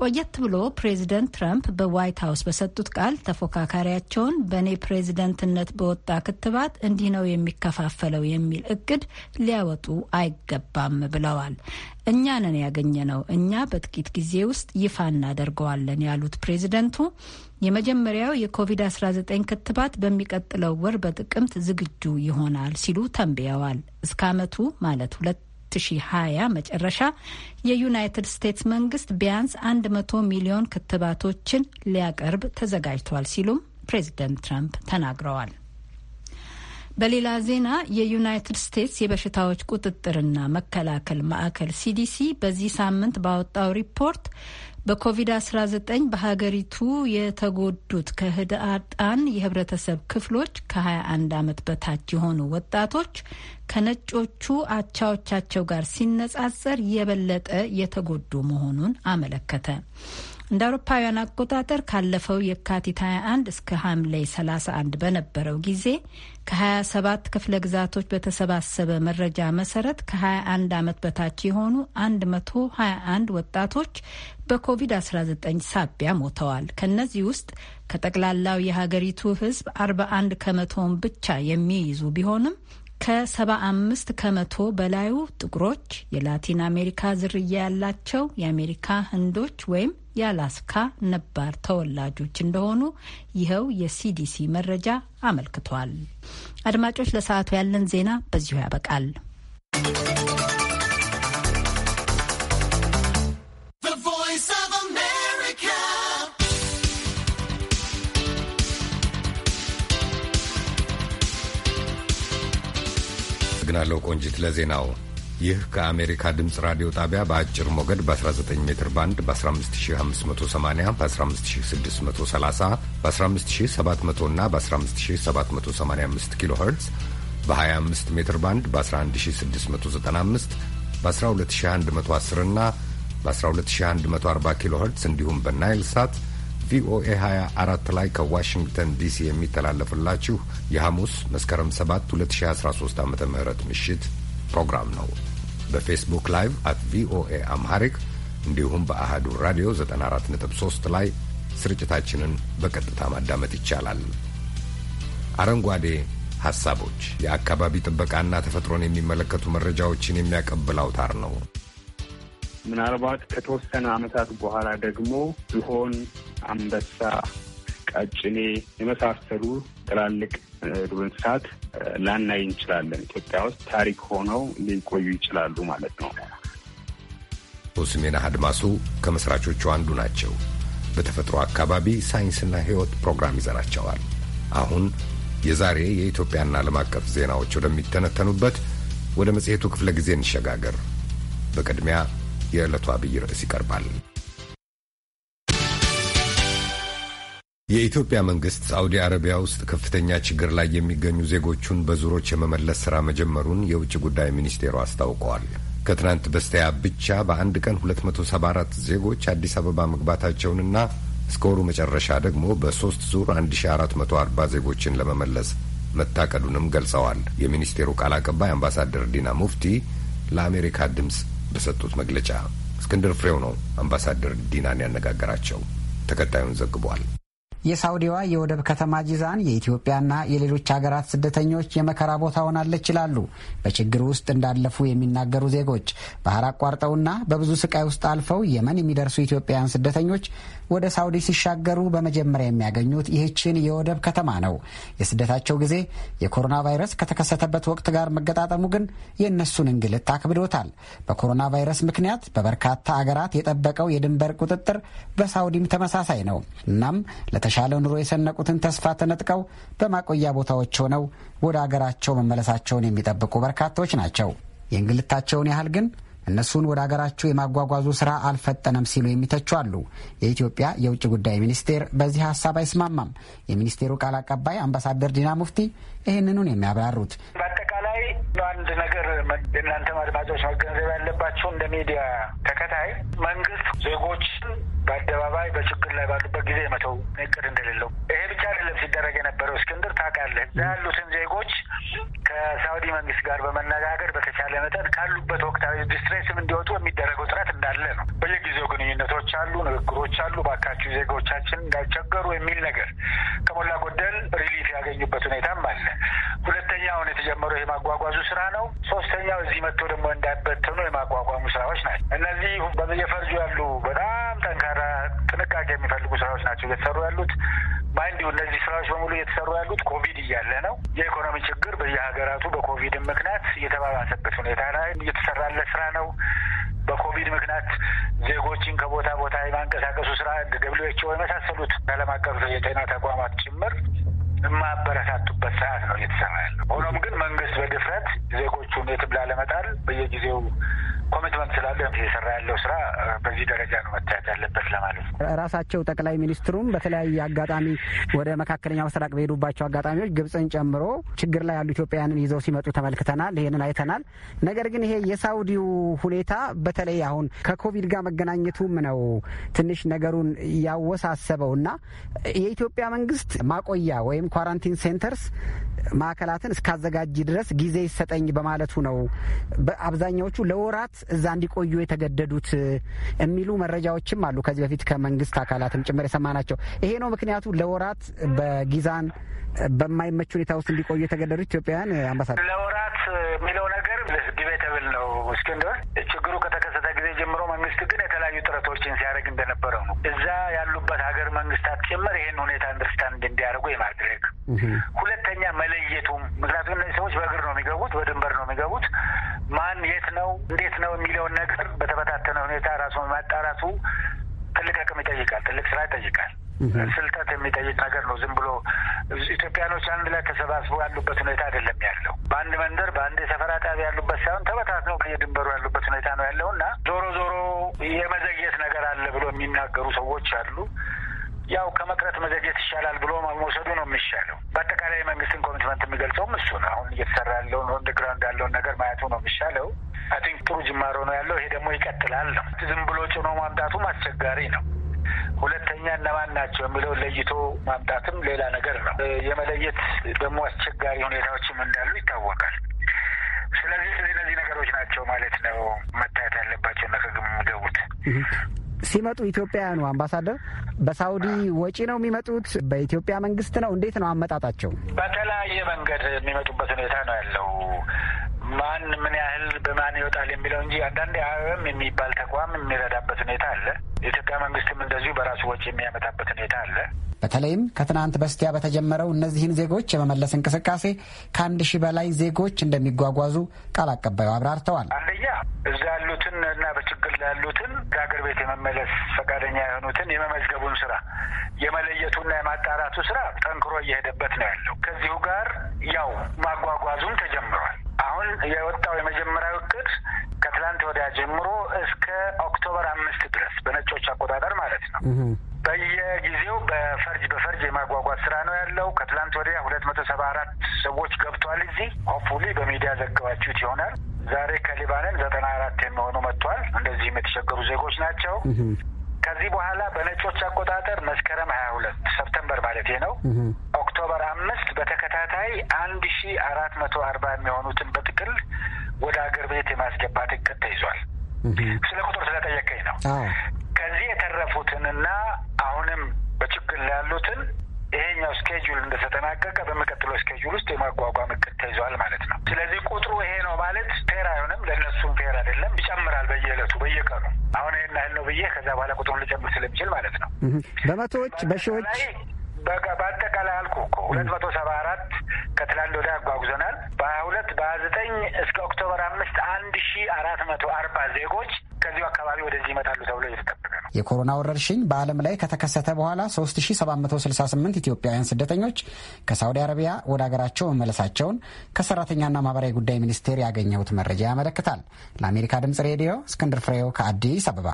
S3: ቆየት ብሎ ፕሬዚደንት ትራምፕ በዋይት ሀውስ በሰጡት ቃል ተፎካካሪያቸውን በእኔ ፕሬዚደንትነት በወጣ ክትባት እንዲህ ነው የሚከፋፈለው የሚል እቅድ ሊያወጡ አይገባም ብለዋል። እኛ ነን ነው እኛ በጥቂት ጊዜ ውስጥ ይፋ እናደርገዋለን ያሉት ፕሬዚደንቱ የመጀመሪያው የኮቪድ-19 ክትባት በሚቀጥለው ወር በጥቅምት ዝግጁ ይሆናል ሲሉ ተንብየዋል። እስከ ዓመቱ ማለት ሁለት 2020 መጨረሻ የዩናይትድ ስቴትስ መንግስት ቢያንስ 100 ሚሊዮን ክትባቶችን ሊያቀርብ ተዘጋጅቷል ሲሉም ፕሬዚደንት ትራምፕ ተናግረዋል። በሌላ ዜና የዩናይትድ ስቴትስ የበሽታዎች ቁጥጥርና መከላከል ማዕከል ሲዲሲ በዚህ ሳምንት ባወጣው ሪፖርት በኮቪድ-19 በሀገሪቱ የተጎዱት ከህዳጣን የህብረተሰብ ክፍሎች ከ21 ዓመት በታች የሆኑ ወጣቶች ከነጮቹ አቻዎቻቸው ጋር ሲነጻጸር የበለጠ የተጎዱ መሆኑን አመለከተ። እንደ አውሮፓውያን አቆጣጠር ካለፈው የካቲት 21 እስከ ሐምሌ 31 በነበረው ጊዜ ከ27 ክፍለ ግዛቶች በተሰባሰበ መረጃ መሰረት ከ21 ዓመት በታች የሆኑ 121 ወጣቶች በኮቪድ-19 ሳቢያ ሞተዋል። ከእነዚህ ውስጥ ከጠቅላላው የሀገሪቱ ሕዝብ 41 ከመቶውን ብቻ የሚይዙ ቢሆንም ከ75 ከመቶ በላዩ ጥቁሮች፣ የላቲን አሜሪካ ዝርያ ያላቸው የአሜሪካ ህንዶች ወይም የአላስካ ነባር ተወላጆች እንደሆኑ ይኸው የሲዲሲ መረጃ አመልክቷል። አድማጮች፣ ለሰዓቱ ያለን ዜና በዚሁ ያበቃል።
S1: አመሰግናለሁ ቆንጂት ለዜናው። ይህ ከአሜሪካ ድምፅ ራዲዮ ጣቢያ በአጭር ሞገድ በ19 ሜትር ባንድ በ15580 በ15630 በ15700 እና በ15785 ኪሎ ኸርትዝ በ25 ሜትር ባንድ በ11695 በ12110 እና በ12140 ኪሎ ኸርትዝ እንዲሁም በናይል ሳት ቪኦኤ 24 ላይ ከዋሽንግተን ዲሲ የሚተላለፍላችሁ የሐሙስ መስከረም 7 2013 ዓ ም ምሽት ፕሮግራም ነው። በፌስቡክ ላይቭ አት ቪኦኤ አምሃሪክ እንዲሁም በአህዱ ራዲዮ 943 ላይ ስርጭታችንን በቀጥታ ማዳመጥ ይቻላል። አረንጓዴ ሐሳቦች የአካባቢ ጥበቃና ተፈጥሮን የሚመለከቱ መረጃዎችን የሚያቀብል አውታር ነው።
S7: ምናልባት ከተወሰነ ዓመታት በኋላ ደግሞ ዝሆን፣ አንበሳ፣ ቀጭኔ የመሳሰሉ ትላልቅ ዱር እንስሳት ላናይ እንችላለን። ኢትዮጵያ ውስጥ ታሪክ ሆነው
S1: ሊቆዩ ይችላሉ ማለት ነው። ሶስሜና አድማሱ ከመስራቾቹ አንዱ ናቸው። በተፈጥሮ አካባቢ ሳይንስና ሕይወት ፕሮግራም ይዘራቸዋል። አሁን የዛሬ የኢትዮጵያና ዓለም አቀፍ ዜናዎች ወደሚተነተኑበት ወደ መጽሔቱ ክፍለ ጊዜ እንሸጋገር። በቅድሚያ የዕለቱ አብይ ርዕስ ይቀርባል። የኢትዮጵያ መንግስት ሳዑዲ አረቢያ ውስጥ ከፍተኛ ችግር ላይ የሚገኙ ዜጎቹን በዙሮች የመመለስ ሥራ መጀመሩን የውጭ ጉዳይ ሚኒስቴሩ አስታውቀዋል። ከትናንት በስቲያ ብቻ በአንድ ቀን 274 ዜጎች አዲስ አበባ መግባታቸውንና እስከ ወሩ መጨረሻ ደግሞ በሶስት ዙር 1440 ዜጎችን ለመመለስ መታቀዱንም ገልጸዋል። የሚኒስቴሩ ቃል አቀባይ አምባሳደር ዲና ሙፍቲ ለአሜሪካ ድምፅ በሰጡት መግለጫ እስክንድር ፍሬው ነው አምባሳደር ዲናን ያነጋገራቸው። ተከታዩን ዘግቧል።
S8: የሳውዲዋ የወደብ ከተማ ጂዛን የኢትዮጵያና የሌሎች ሀገራት ስደተኞች የመከራ ቦታ ሆናለች ይላሉ በችግር ውስጥ እንዳለፉ የሚናገሩ ዜጎች። ባህር አቋርጠውና በብዙ ስቃይ ውስጥ አልፈው የመን የሚደርሱ ኢትዮጵያውያን ስደተኞች ወደ ሳውዲ ሲሻገሩ በመጀመሪያ የሚያገኙት ይህችን የወደብ ከተማ ነው። የስደታቸው ጊዜ የኮሮና ቫይረስ ከተከሰተበት ወቅት ጋር መገጣጠሙ ግን የእነሱን እንግልት አክብዶታል። በኮሮና ቫይረስ ምክንያት በበርካታ አገራት የጠበቀው የድንበር ቁጥጥር በሳውዲም ተመሳሳይ ነው። እናም ለተሻለ ኑሮ የሰነቁትን ተስፋ ተነጥቀው በማቆያ ቦታዎች ሆነው ወደ አገራቸው መመለሳቸውን የሚጠብቁ በርካታዎች ናቸው። የእንግልታቸውን ያህል ግን እነሱን ወደ አገራቸው የማጓጓዙ ስራ አልፈጠነም ሲሉ የሚተቹ አሉ። የኢትዮጵያ የውጭ ጉዳይ ሚኒስቴር በዚህ ሀሳብ አይስማማም። የሚኒስቴሩ ቃል አቀባይ አምባሳደር ዲና ሙፍቲ ይህንኑን የሚያብራሩት
S2: በአጠቃላይ አንድ ነገር የእናንተም አድማጮች መገንዘብ ያለባቸው እንደ ሚዲያ ተከታይ መንግስት ዜጎችን በአደባባይ በችግር ላይ ባሉበት ጊዜ መተው እቅድ እንደሌለው ይሄ ብቻ አይደለም ሲደረግ የነበረው። እስክንድር ታውቃለህ፣ እዛ ያሉትን ዜጎች ከሳውዲ መንግስት ጋር በመነጋገር በተቻለ መጠን ካሉበት ወቅታዊ ዲስትሬስም እንዲወጡ የሚደረገው ጥረት እንዳለ ነው። በየጊዜው ግንኙነቶች አሉ፣ ንግግሮች አሉ፣ ባካችሁ ዜጎቻችን እንዳይቸገሩ የሚል ነገር ከሞላ ጎደል ሪሊፍ ያገኙበት ሁኔታም አለ። ሁለተኛ አሁን የተጀመረው ይሄ ማጓጓዙ ስራ ነው። ሶስተኛው እዚህ መጥቶ ደግሞ እንዳይበትኑ የማቋቋሙ ስራዎች ናቸው። እነዚህ በየፈርጁ ያሉ በጣም ጠንካራ ጥንቃቄ የሚፈልጉ ስራዎች ናቸው እየተሰሩ ያሉት። ማይንድ እነዚህ ስራዎች በሙሉ እየተሰሩ ያሉት ኮቪድ እያለ ነው። የኢኮኖሚ ችግር በየሀገራቱ በኮቪድ ምክንያት የተባባሰበት ሁኔታ ላይ እየተሰራለ ስራ ነው። በኮቪድ ምክንያት ዜጎችን ከቦታ ቦታ የማንቀሳቀሱ ስራ ደብሊው ኤች ኦ የመሳሰሉት ዓለም አቀፍ የጤና ተቋማት ጭምር የማበረታቱበት ሰዓት ነው እየተሰራ ያለው። ሆኖም ግን ኮሚትመንት ስላለ
S8: ራሳቸው ጠቅላይ ሚኒስትሩም በተለያየ አጋጣሚ ወደ መካከለኛ ምስራቅ በሄዱባቸው አጋጣሚዎች ግብፅን ጨምሮ ችግር ላይ ያሉ ኢትዮጵያውያንን ይዘው ሲመጡ ተመልክተናል። ይሄንን አይተናል። ነገር ግን ይሄ የሳውዲው ሁኔታ በተለይ አሁን ከኮቪድ ጋር መገናኘቱም ነው ትንሽ ነገሩን ያወሳሰበው እና የኢትዮጵያ መንግስት ማቆያ ወይም ኳራንቲን ሴንተርስ ማዕከላትን እስካዘጋጅ ድረስ ጊዜ ይሰጠኝ በማለቱ ነው አብዛኛዎቹ ለወራት እዛ እንዲቆዩ የተገደዱት የሚሉ መረጃዎችም አሉ ከዚህ በፊት ከመ መንግስት አካላትም ጭምር የሰማናቸው ይሄ ነው ምክንያቱ ለወራት በጊዛን በማይመች ሁኔታ ውስጥ እንዲቆዩ የተገደዱ ኢትዮጵያውያን አምባሳደር ለወራት የሚለው ነገር ዲቤተብል ነው። እስክንድር ችግሩ ከተከሰተ ጊዜ ጀምሮ መንግስት ግን የተለያዩ ጥረቶችን ሲያደርግ እንደነበረው ነው። እዛ ያሉበት ሀገር
S2: መንግስታት ጭምር ይህን ሁኔታ አንደርስታንድ እንዲያደርጉ የማድረግ ሁለተኛ መለየቱም፣ ምክንያቱም እነዚህ ሰዎች በእግር ነው የሚገቡት፣ በድንበር ነው የሚገቡት። ማን የት ነው እንዴት ነው የሚለውን ነገር በተበታተነ ሁኔታ ራሱ
S4: ማጣራቱ ትልቅ አቅም ይጠይቃል። ትልቅ ስራ ይጠይቃል። ስልጠት የሚጠይቅ ነገር ነው። ዝም ብሎ ኢትዮጵያኖች አንድ ላይ ተሰባስበው
S2: ያሉበት ሁኔታ አይደለም ያለው። በአንድ መንደር በአንድ የሰፈራ ጣቢያ ያሉበት ሳይሆን ተበታት ነው በየድንበሩ ያሉበት ሁኔታ ነው ያለው እና ዞሮ ዞሮ የመዘግየት ነገር አለ ብሎ የሚናገሩ ሰዎች አሉ። ያው ከመቅረት መዘግየት ይሻላል ብሎ መውሰዱ ነው የሚሻለው። በአጠቃላይ የመንግስትን ኮሚትመንት የሚገልጸውም እሱ ነው። አሁን እየተሰራ ያለውን ኦን ያለውን ነገር ማየቱ ነው የሚሻለው። አይ ቲንክ ጥሩ ጅማሮ ነው ያለው። ይሄ ደግሞ ይቀጥላል ነው። ዝም ብሎ ጭኖ ማምጣቱም አስቸጋሪ ነው። ሁለተኛ እነማን ናቸው የሚለው ለይቶ ማምጣትም ሌላ ነገር ነው። የመለየት ደግሞ አስቸጋሪ ሁኔታዎችም እንዳሉ ይታወቃል። ስለዚህ እነዚህ ነገሮች ናቸው ማለት ነው መታየት ያለባቸው እና ከግምገቡት
S8: ሲመጡ ኢትዮጵያውያኑ አምባሳደር በሳውዲ ወጪ ነው የሚመጡት? በኢትዮጵያ መንግስት ነው? እንዴት ነው አመጣጣቸው?
S2: በተለያየ መንገድ የሚመጡበት ሁኔታ ነው ያለው። ማን ምን ያህል በማን ይወጣል የሚለው እንጂ አንዳንድ አይኦኤም የሚባል ተቋም የሚረዳበት ሁኔታ አለ። የኢትዮጵያ መንግስትም እንደዚሁ በራሱ ወጪ የሚያመጣበት ሁኔታ አለ።
S8: በተለይም ከትናንት በስቲያ በተጀመረው እነዚህን ዜጎች የመመለስ እንቅስቃሴ ከአንድ ሺህ በላይ ዜጎች እንደሚጓጓዙ ቃል አቀባዩ አብራርተዋል።
S2: አንደኛ እዛ ያሉትን እና በችግር ላሉትን ከሀገር ቤት የመመለስ ፈቃደኛ የሆኑትን የመመዝገቡን ስራ የመለየቱና የማጣራቱ ስራ ጠንክሮ እየሄደበት ነው ያለው። ከዚሁ ጋር ያው ማጓጓዙም ተጀምሯል። አሁን የወጣው የመጀመሪያው እቅድ
S9: ከትላንት ወዲያ ጀምሮ እስከ ኦክቶበር አምስት ድረስ በነጮች አቆጣጠር ማለት ነው። በየጊዜው በፈርጅ በፈርጅ የማጓጓዝ ስራ ነው ያለው። ከትላንት ወዲያ ሁለት መቶ ሰባ አራት ሰዎች ገብቷል። እዚህ
S2: ሆፕፉሊ በሚዲያ ዘግባችሁት ይሆናል። ዛሬ ከሊባንን ዘጠና አራት የሚሆኑ መጥቷል። እንደዚህም የተቸገሩ ዜጎች ናቸው።
S1: ከዚህ በኋላ በነጮች አቆጣጠር መስከረም ሀያ ሁለት ሰፕተምበር ማለት ነው ኦክቶበር
S2: አምስት በተከታታይ አንድ ሺ አራት መቶ አርባ የሚሆኑትን በጥቅል ወደ አገር ቤት የማስገባት እቅድ ተይዟል። ስለ ቁጥር ስለጠየቀኝ ነው። ከዚህ የተረፉትንና አሁንም በችግር ላይ ያሉትን ይሄኛው ስኬጁል እንደተጠናቀቀ በሚቀጥለው ስኬጁል ውስጥ የማጓጓም እቅድ ተይዟል ማለት ነው። ስለዚህ ቁጥሩ ይሄ ነው ማለት ፌር አይሆንም፣ ለእነሱም ፌር አይደለም። ይጨምራል በየዕለቱ በየቀኑ አሁን ይሄን ያህል ነው ብዬ ከዛ በኋላ ቁጥሩን ልጨምር ስለሚችል ማለት
S8: ነው። በመቶዎች በሺዎች በአጠቃላይ አልኩ እኮ ሁለት መቶ ሰባ አራት ከትላንድ ወዲያ አጓጉዘናል። በሀያ ሁለት በሀያ ዘጠኝ እስከ ኦክቶበር አምስት አንድ ሺ አራት መቶ አርባ ዜጎች ከዚሁ አካባቢ ወደዚህ ይመጣሉ ተብሎ እየተጠበቀ ነው። የኮሮና ወረርሽኝ በዓለም ላይ ከተከሰተ በኋላ 3768 ኢትዮጵያውያን ስደተኞች ከሳውዲ አረቢያ ወደ ሀገራቸው መመለሳቸውን ከሰራተኛና ማህበራዊ ጉዳይ ሚኒስቴር ያገኘሁት መረጃ ያመለክታል። ለአሜሪካ ድምጽ ሬዲዮ እስክንድር ፍሬው ከአዲስ አበባ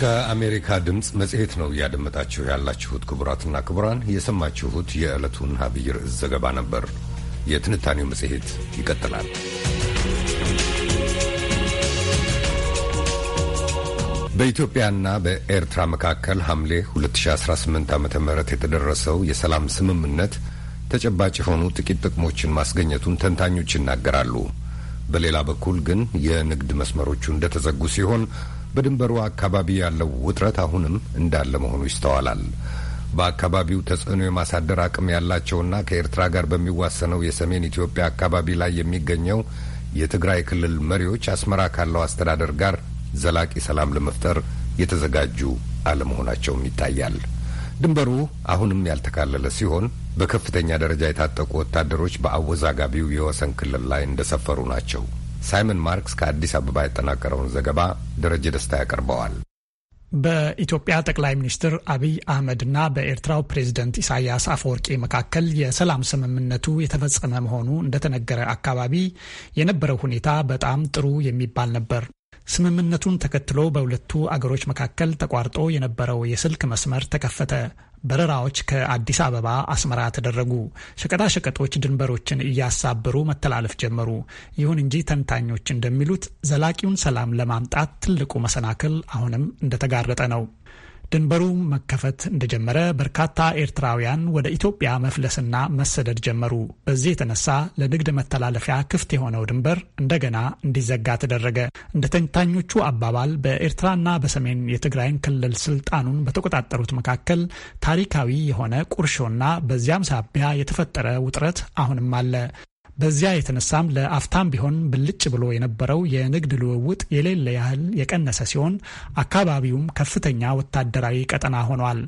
S1: ከአሜሪካ ድምፅ መጽሔት ነው እያደመጣችሁ ያላችሁት። ክቡራትና ክቡራን የሰማችሁት የዕለቱን አብይ ርዕስ ዘገባ ነበር። የትንታኔው መጽሔት ይቀጥላል። በኢትዮጵያና በኤርትራ መካከል ሐምሌ 2018 ዓ ም የተደረሰው የሰላም ስምምነት ተጨባጭ የሆኑ ጥቂት ጥቅሞችን ማስገኘቱን ተንታኞች ይናገራሉ። በሌላ በኩል ግን የንግድ መስመሮቹ እንደተዘጉ ሲሆን በድንበሩ አካባቢ ያለው ውጥረት አሁንም እንዳለ መሆኑ ይስተዋላል። በአካባቢው ተጽዕኖ የማሳደር አቅም ያላቸውና ከኤርትራ ጋር በሚዋሰነው የሰሜን ኢትዮጵያ አካባቢ ላይ የሚገኘው የትግራይ ክልል መሪዎች አስመራ ካለው አስተዳደር ጋር ዘላቂ ሰላም ለመፍጠር የተዘጋጁ አለመሆናቸውም ይታያል። ድንበሩ አሁንም ያልተካለለ ሲሆን በከፍተኛ ደረጃ የታጠቁ ወታደሮች በአወዛጋቢው የወሰን ክልል ላይ እንደሰፈሩ ናቸው። ሳይመን ማርክስ ከአዲስ አበባ ያጠናቀረውን ዘገባ ደረጀ ደስታ ያቀርበዋል።
S10: በኢትዮጵያ ጠቅላይ ሚኒስትር አብይ አህመድና በኤርትራው ፕሬዝደንት ኢሳያስ አፈወርቂ መካከል የሰላም ስምምነቱ የተፈጸመ መሆኑ እንደተነገረ አካባቢ የነበረው ሁኔታ በጣም ጥሩ የሚባል ነበር። ስምምነቱን ተከትሎ በሁለቱ አገሮች መካከል ተቋርጦ የነበረው የስልክ መስመር ተከፈተ። በረራዎች ከአዲስ አበባ አስመራ ተደረጉ። ሸቀጣሸቀጦች ድንበሮችን እያሳበሩ መተላለፍ ጀመሩ። ይሁን እንጂ ተንታኞች እንደሚሉት ዘላቂውን ሰላም ለማምጣት ትልቁ መሰናክል አሁንም እንደተጋረጠ ነው። ድንበሩ መከፈት እንደጀመረ በርካታ ኤርትራውያን ወደ ኢትዮጵያ መፍለስና መሰደድ ጀመሩ። በዚህ የተነሳ ለንግድ መተላለፊያ ክፍት የሆነው ድንበር እንደገና እንዲዘጋ ተደረገ። እንደ ተንታኞቹ አባባል በኤርትራና በሰሜን የትግራይን ክልል ስልጣኑን በተቆጣጠሩት መካከል ታሪካዊ የሆነ ቁርሾና በዚያም ሳቢያ የተፈጠረ ውጥረት አሁንም አለ። በዚያ የተነሳም ለአፍታም ቢሆን ብልጭ ብሎ የነበረው የንግድ ልውውጥ የሌለ ያህል የቀነሰ ሲሆን አካባቢውም ከፍተኛ ወታደራዊ ቀጠና ሆኗል።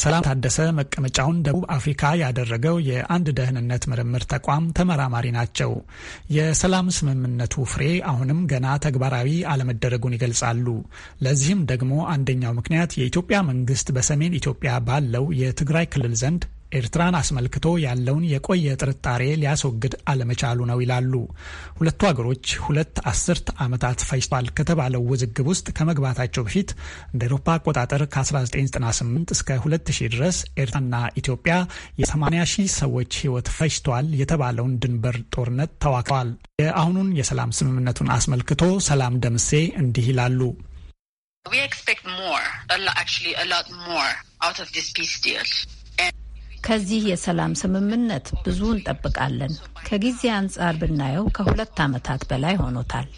S10: ሰላም ታደሰ መቀመጫውን ደቡብ አፍሪካ ያደረገው የአንድ ደህንነት ምርምር ተቋም ተመራማሪ ናቸው። የሰላም ስምምነቱ ፍሬ አሁንም ገና ተግባራዊ አለመደረጉን ይገልጻሉ። ለዚህም ደግሞ አንደኛው ምክንያት የኢትዮጵያ መንግስት በሰሜን ኢትዮጵያ ባለው የትግራይ ክልል ዘንድ ኤርትራን አስመልክቶ ያለውን የቆየ ጥርጣሬ ሊያስወግድ አለመቻሉ ነው ይላሉ። ሁለቱ ሀገሮች ሁለት አስርት ዓመታት ፈጅቷል ከተባለው ውዝግብ ውስጥ ከመግባታቸው በፊት እንደ ኤሮፓ አቆጣጠር ከ1998 እስከ 2000 ድረስ ኤርትራና ኢትዮጵያ የ80 ሺህ ሰዎች ሕይወት ፈጅቷል የተባለውን ድንበር ጦርነት ተዋግተዋል። የአሁኑን የሰላም ስምምነቱን አስመልክቶ ሰላም ደምሴ እንዲህ ይላሉ።
S3: We expect more, actually a lot more out of this peace deal. ከዚህ የሰላም ስምምነት ብዙ እንጠብቃለን። ከጊዜ አንጻር ብናየው ከሁለት ዓመታት በላይ ሆኖታል።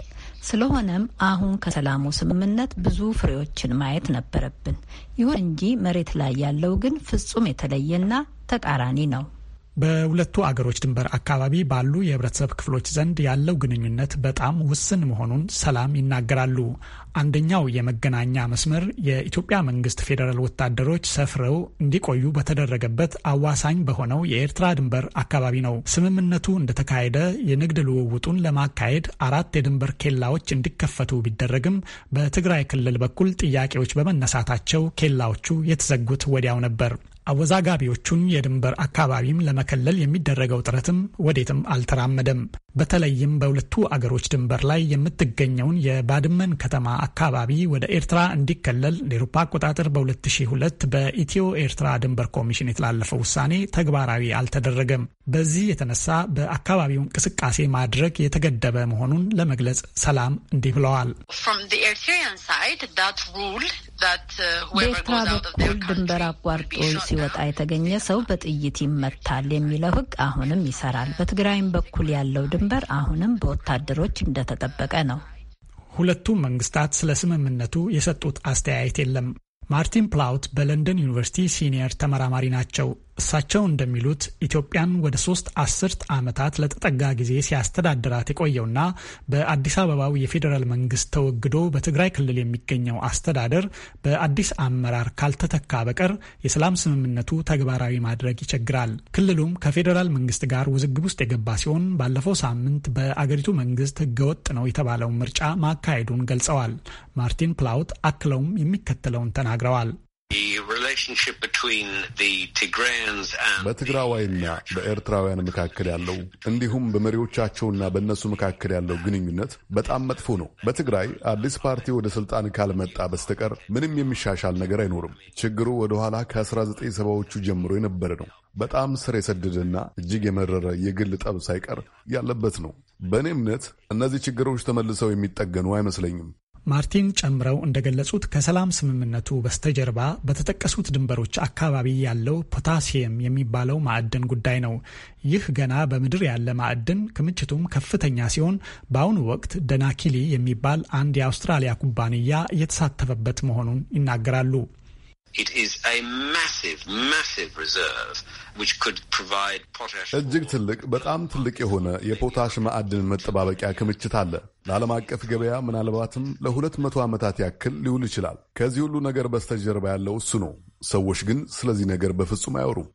S3: ስለሆነም አሁን ከሰላሙ ስምምነት ብዙ ፍሬዎችን ማየት ነበረብን። ይሁን እንጂ መሬት ላይ ያለው ግን ፍጹም የተለየና ተቃራኒ ነው።
S10: በሁለቱ አገሮች ድንበር አካባቢ ባሉ የህብረተሰብ ክፍሎች ዘንድ ያለው ግንኙነት በጣም ውስን መሆኑን ሰላም ይናገራሉ። አንደኛው የመገናኛ መስመር የኢትዮጵያ መንግስት ፌዴራል ወታደሮች ሰፍረው እንዲቆዩ በተደረገበት አዋሳኝ በሆነው የኤርትራ ድንበር አካባቢ ነው። ስምምነቱ እንደተካሄደ የንግድ ልውውጡን ለማካሄድ አራት የድንበር ኬላዎች እንዲከፈቱ ቢደረግም በትግራይ ክልል በኩል ጥያቄዎች በመነሳታቸው ኬላዎቹ የተዘጉት ወዲያው ነበር። አወዛጋቢዎቹን የድንበር አካባቢም ለመከለል የሚደረገው ጥረትም ወዴትም አልተራመደም። በተለይም በሁለቱ አገሮች ድንበር ላይ የምትገኘውን የባድመን ከተማ አካባቢ ወደ ኤርትራ እንዲከለል ለአውሮፓ አቆጣጠር በ2002 በኢትዮ ኤርትራ ድንበር ኮሚሽን የተላለፈው ውሳኔ ተግባራዊ አልተደረገም። በዚህ የተነሳ በአካባቢው እንቅስቃሴ ማድረግ የተገደበ መሆኑን ለመግለጽ ሰላም እንዲህ ብለዋል። በኤርትራ በኩል
S3: ድንበር አቋርጦ ሲወጣ የተገኘ ሰው በጥይት ይመታል የሚለው ህግ አሁንም ይሰራል። በትግራይም በኩል ያለው ድንበር አሁንም በወታደሮች እንደተጠበቀ ነው።
S10: ሁለቱም መንግስታት ስለ ስምምነቱ የሰጡት አስተያየት የለም። ማርቲን ፕላውት በለንደን ዩኒቨርሲቲ ሲኒየር ተመራማሪ ናቸው። እሳቸው እንደሚሉት ኢትዮጵያን ወደ ሶስት አስርት ዓመታት ለተጠጋ ጊዜ ሲያስተዳድራት የቆየውና በአዲስ አበባው የፌዴራል መንግስት ተወግዶ በትግራይ ክልል የሚገኘው አስተዳደር በአዲስ አመራር ካልተተካ በቀር የሰላም ስምምነቱ ተግባራዊ ማድረግ ይቸግራል። ክልሉም ከፌዴራል መንግስት ጋር ውዝግብ ውስጥ የገባ ሲሆን ባለፈው ሳምንት በአገሪቱ መንግስት ህገወጥ ነው የተባለውን ምርጫ ማካሄዱን ገልጸዋል። ማርቲን ፕላውት አክለውም የሚከተለውን ተናግረዋል።
S11: በትግራዋይና በኤርትራውያን መካከል ያለው እንዲሁም በመሪዎቻቸውና በእነሱ መካከል ያለው ግንኙነት በጣም መጥፎ ነው። በትግራይ አዲስ ፓርቲ ወደ ስልጣን ካልመጣ በስተቀር ምንም የሚሻሻል ነገር አይኖርም። ችግሩ ወደኋላ ከ1970ዎቹ ጀምሮ የነበረ ነው። በጣም ስር የሰደደና እጅግ የመረረ የግል ጠብ ሳይቀር ያለበት ነው። በእኔ እምነት እነዚህ ችግሮች ተመልሰው የሚጠገኑ አይመስለኝም።
S10: ማርቲን ጨምረው እንደገለጹት ከሰላም ስምምነቱ በስተጀርባ በተጠቀሱት ድንበሮች አካባቢ ያለው ፖታሲየም የሚባለው ማዕድን ጉዳይ ነው። ይህ ገና በምድር ያለ ማዕድን ክምችቱም ከፍተኛ ሲሆን በአሁኑ ወቅት ደናኪሊ የሚባል አንድ የአውስትራሊያ ኩባንያ
S11: እየተሳተፈበት መሆኑን ይናገራሉ። እጅግ ትልቅ በጣም ትልቅ የሆነ የፖታሽ ማዕድን መጠባበቂያ ክምችት አለ። ለዓለም አቀፍ ገበያ ምናልባትም ለሁለት መቶ ዓመታት ያክል ሊውል ይችላል። ከዚህ ሁሉ ነገር በስተጀርባ ያለው እሱ ነው። ሰዎች ግን ስለዚህ ነገር በፍጹም አያወሩም።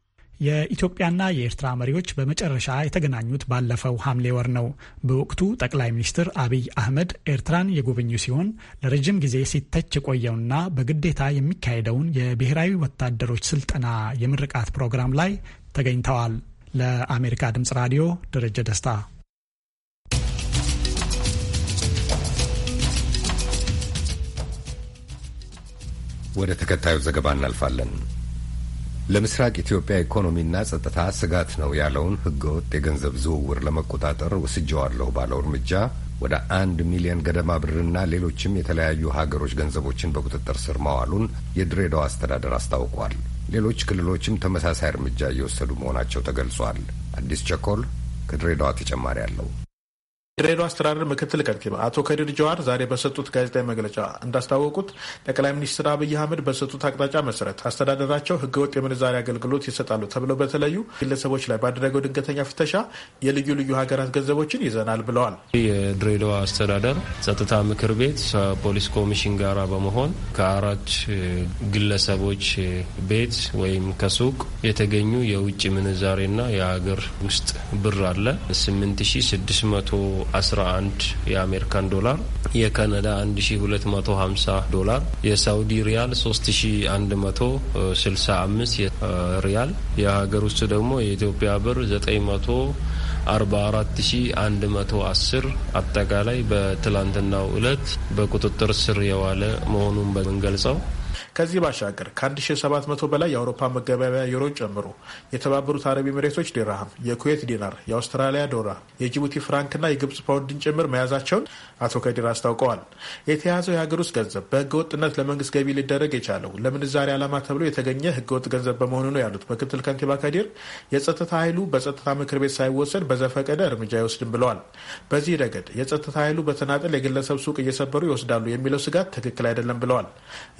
S10: የኢትዮጵያና የኤርትራ መሪዎች በመጨረሻ የተገናኙት ባለፈው ሐምሌ ወር ነው። በወቅቱ ጠቅላይ ሚኒስትር አብይ አህመድ ኤርትራን የጎበኙ ሲሆን ለረጅም ጊዜ ሲተች የቆየውና በግዴታ የሚካሄደውን የብሔራዊ ወታደሮች ስልጠና የምርቃት ፕሮግራም ላይ ተገኝተዋል። ለአሜሪካ ድምጽ ራዲዮ ደረጀ ደስታ።
S1: ወደ ተከታዩ ዘገባ እናልፋለን። ለምስራቅ ኢትዮጵያ ኢኮኖሚና ጸጥታ ስጋት ነው ያለውን ህገወጥ የገንዘብ ዝውውር ለመቆጣጠር ወስጀዋለሁ ባለው እርምጃ ወደ አንድ ሚሊዮን ገደማ ብርና ሌሎችም የተለያዩ ሀገሮች ገንዘቦችን በቁጥጥር ስር ማዋሉን የድሬዳዋ አስተዳደር አስታውቋል። ሌሎች ክልሎችም ተመሳሳይ እርምጃ እየወሰዱ መሆናቸው ተገልጿል። አዲስ ቸኮል ከድሬዳዋ ተጨማሪ አለው።
S9: የድሬዳዋ አስተዳደር ምክትል ከንቲባ አቶ ከድር ጀዋር ዛሬ በሰጡት ጋዜጣዊ መግለጫ እንዳስታወቁት ጠቅላይ ሚኒስትር አብይ አህመድ በሰጡት አቅጣጫ መሰረት አስተዳደራቸው ህገወጥ የምንዛሬ አገልግሎት ይሰጣሉ ተብለው በተለዩ ግለሰቦች ላይ ባደረገው ድንገተኛ ፍተሻ የልዩ ልዩ ሀገራት ገንዘቦችን ይዘናል ብለዋል።
S7: የድሬዳዋ አስተዳደር ጸጥታ ምክር ቤት ከፖሊስ ኮሚሽን ጋር በመሆን ከአራት ግለሰቦች ቤት ወይም ከሱቅ የተገኙ የውጭ ምንዛሬና የሀገር ውስጥ ብር አለ 8600 11 የአሜሪካን ዶላር፣ የካናዳ 1250 ዶላር፣ የሳውዲ ሪያል 3165 ሪያል፣ የሀገር ውስጥ ደግሞ የኢትዮጵያ ብር 900 44110 አጠቃላይ በትላንትናው እለት በቁጥጥር ስር የዋለ መሆኑን
S9: በምንገልጸው ከዚህ ባሻገር ከ1700 በላይ የአውሮፓ መገበያያ ዩሮን ጨምሮ የተባበሩት አረብ ኤምሬቶች ዲራሃም፣ የኩዌት ዲናር፣ የአውስትራሊያ ዶላር፣ የጅቡቲ ፍራንክና የግብጽ ፓውንድን ጭምር መያዛቸውን አቶ ከዲር አስታውቀዋል። የተያዘው የሀገር ውስጥ ገንዘብ በህገወጥነት ለመንግስት ገቢ ሊደረግ የቻለው ለምንዛሬ ዓላማ ተብሎ የተገኘ ህገወጥ ገንዘብ በመሆኑ ነው ያሉት ምክትል ከንቲባ ከዲር የጸጥታ ኃይሉ በጸጥታ ምክር ቤት ሳይወሰድ በዘፈቀደ እርምጃ ይወስድም ብለዋል። በዚህ ረገድ የጸጥታ ኃይሉ በተናጠል የግለሰብ ሱቅ እየሰበሩ ይወስዳሉ የሚለው ስጋት ትክክል አይደለም ብለዋል።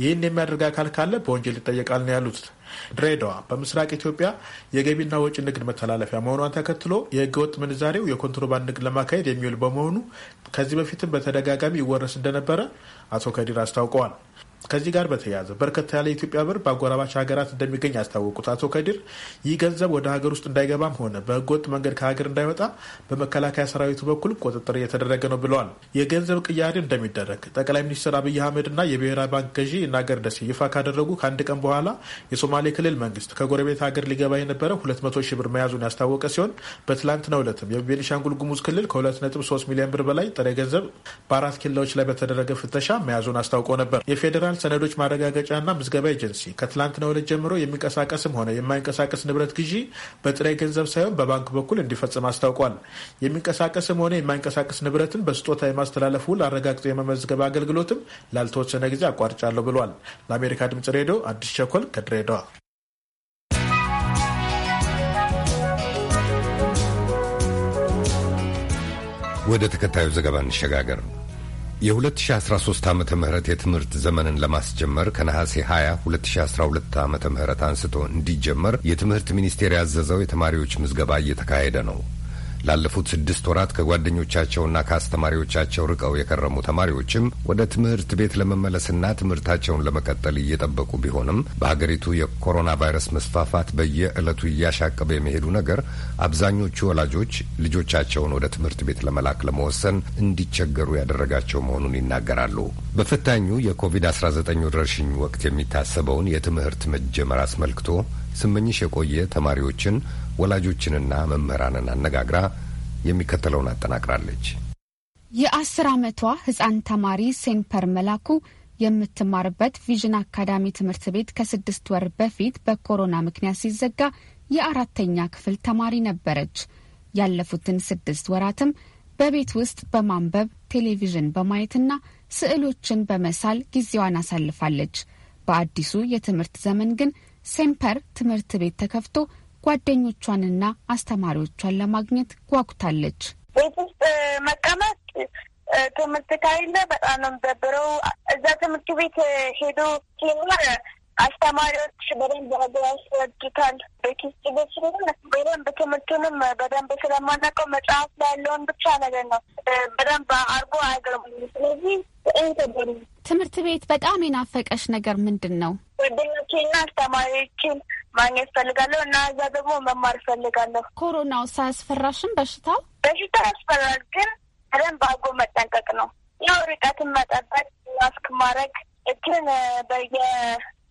S9: ይህን የሚያደርጋ አካል ካለ በወንጀል ይጠየቃል ነው ያሉት። ድሬዳዋ በምስራቅ ኢትዮጵያ የገቢና ወጪ ንግድ መተላለፊያ መሆኗን ተከትሎ የህገወጥ ምንዛሬው የኮንትሮባንድ ንግድ ለማካሄድ የሚውል በመሆኑ ከዚህ በፊትም በተደጋጋሚ ይወረስ እንደነበረ አቶ ከዲር አስታውቀዋል። ከዚህ ጋር በተያያዘ በርከት ያለ የኢትዮጵያ ብር በአጎራባች ሀገራት እንደሚገኝ ያስታወቁት አቶ ከድር ይህ ገንዘብ ወደ ሀገር ውስጥ እንዳይገባም ሆነ በህገወጥ መንገድ ከሀገር እንዳይወጣ በመከላከያ ሰራዊቱ በኩል ቁጥጥር እየተደረገ ነው ብለዋል። የገንዘብ ቅያሬ እንደሚደረግ ጠቅላይ ሚኒስትር አብይ አህመድና የብሔራዊ ባንክ ገዢ ይናገር ደሴ ይፋ ካደረጉ ከአንድ ቀን በኋላ የሶማሌ ክልል መንግስት ከጎረቤት ሀገር ሊገባ የነበረ 200 ሺህ ብር መያዙን ያስታወቀ ሲሆን በትላንትናው ዕለትም የቤኒሻንጉል ጉሙዝ ክልል ከ2.3 ሚሊዮን ብር በላይ ጥሬ ገንዘብ በአራት ኬላዎች ላይ በተደረገ ፍተሻ መያዙን አስታውቆ ነበር። የፌዴራል ፌዴራል ሰነዶች ማረጋገጫና ምዝገባ ኤጀንሲ ከትላንትና ዕለት ጀምሮ የሚንቀሳቀስም ሆነ የማይንቀሳቀስ ንብረት ግዢ በጥሬ ገንዘብ ሳይሆን በባንክ በኩል እንዲፈጽም አስታውቋል። የሚንቀሳቀስም ሆነ የማይንቀሳቀስ ንብረትን በስጦታ የማስተላለፍ ውል አረጋግጦ የመመዝገብ አገልግሎትም ላልተወሰነ ጊዜ አቋርጫለሁ ብሏል። ለአሜሪካ ድምጽ ሬዲዮ አዲስ ቸኮል ከድሬዳዋ።
S1: ወደ ተከታዩ ዘገባ እንሸጋገር። የ2013 ዓ ም የትምህርት ዘመንን ለማስጀመር ከነሐሴ 20 2012 ዓ ም አንስቶ እንዲጀመር የትምህርት ሚኒስቴር ያዘዘው የተማሪዎች ምዝገባ እየተካሄደ ነው። ላለፉት ስድስት ወራት ከጓደኞቻቸውና ከአስተማሪዎቻቸው ርቀው የከረሙ ተማሪዎችም ወደ ትምህርት ቤት ለመመለስና ትምህርታቸውን ለመቀጠል እየጠበቁ ቢሆንም በሀገሪቱ የኮሮና ቫይረስ መስፋፋት በየዕለቱ እያሻቀበ የመሄዱ ነገር አብዛኞቹ ወላጆች ልጆቻቸውን ወደ ትምህርት ቤት ለመላክ ለመወሰን እንዲቸገሩ ያደረጋቸው መሆኑን ይናገራሉ። በፈታኙ የኮቪድ-19 ወረርሽኝ ወቅት የሚታሰበውን የትምህርት መጀመር አስመልክቶ ስመኝሽ የቆየ ተማሪዎችን ወላጆችንና መምህራንን አነጋግራ የሚከተለውን አጠናቅራለች።
S12: የአስር ዓመቷ ህጻን ተማሪ ሴንፐር መላኩ የምትማርበት ቪዥን አካዳሚ ትምህርት ቤት ከስድስት ወር በፊት በኮሮና ምክንያት ሲዘጋ የአራተኛ ክፍል ተማሪ ነበረች። ያለፉትን ስድስት ወራትም በቤት ውስጥ በማንበብ ቴሌቪዥን በማየትና ስዕሎችን በመሳል ጊዜዋን አሳልፋለች። በአዲሱ የትምህርት ዘመን ግን ሴምፐር ትምህርት ቤት ተከፍቶ ጓደኞቿንና አስተማሪዎቿን ለማግኘት ጓጉታለች። ቤት
S8: ውስጥ መቀመጥ ትምህርት ካይለ በጣም ነው የሚደብረው። እዛ ትምህርት ቤት
S6: ሄዶ ሲኖር አስተማሪዎች በደንብ ያስረዱታል። ቤት ውስጥ
S12: ቤት ስለሆነ በደንብ ትምህርቱንም በደንብ ስለማናውቀው መጽሐፍ ላይ ያለውን ብቻ ነገር ነው በደንብ አርጎ አይገርሙ። ስለዚህ ትምህርት ቤት በጣም የናፈቀሽ ነገር ምንድን ነው? ጓደኞቼና አስተማሪዎችን ማግኘት ፈልጋለሁ እና እዛ ደግሞ መማር ፈልጋለሁ። ኮሮናው ሳያስፈራሽም በሽታው በሽታ ያስፈራል፣ ግን በደንብ በአጎ መጠንቀቅ ነው። ያው ርቀትን መጠበቅ፣ ማስክ ማድረግ፣ እጅን
S6: በየ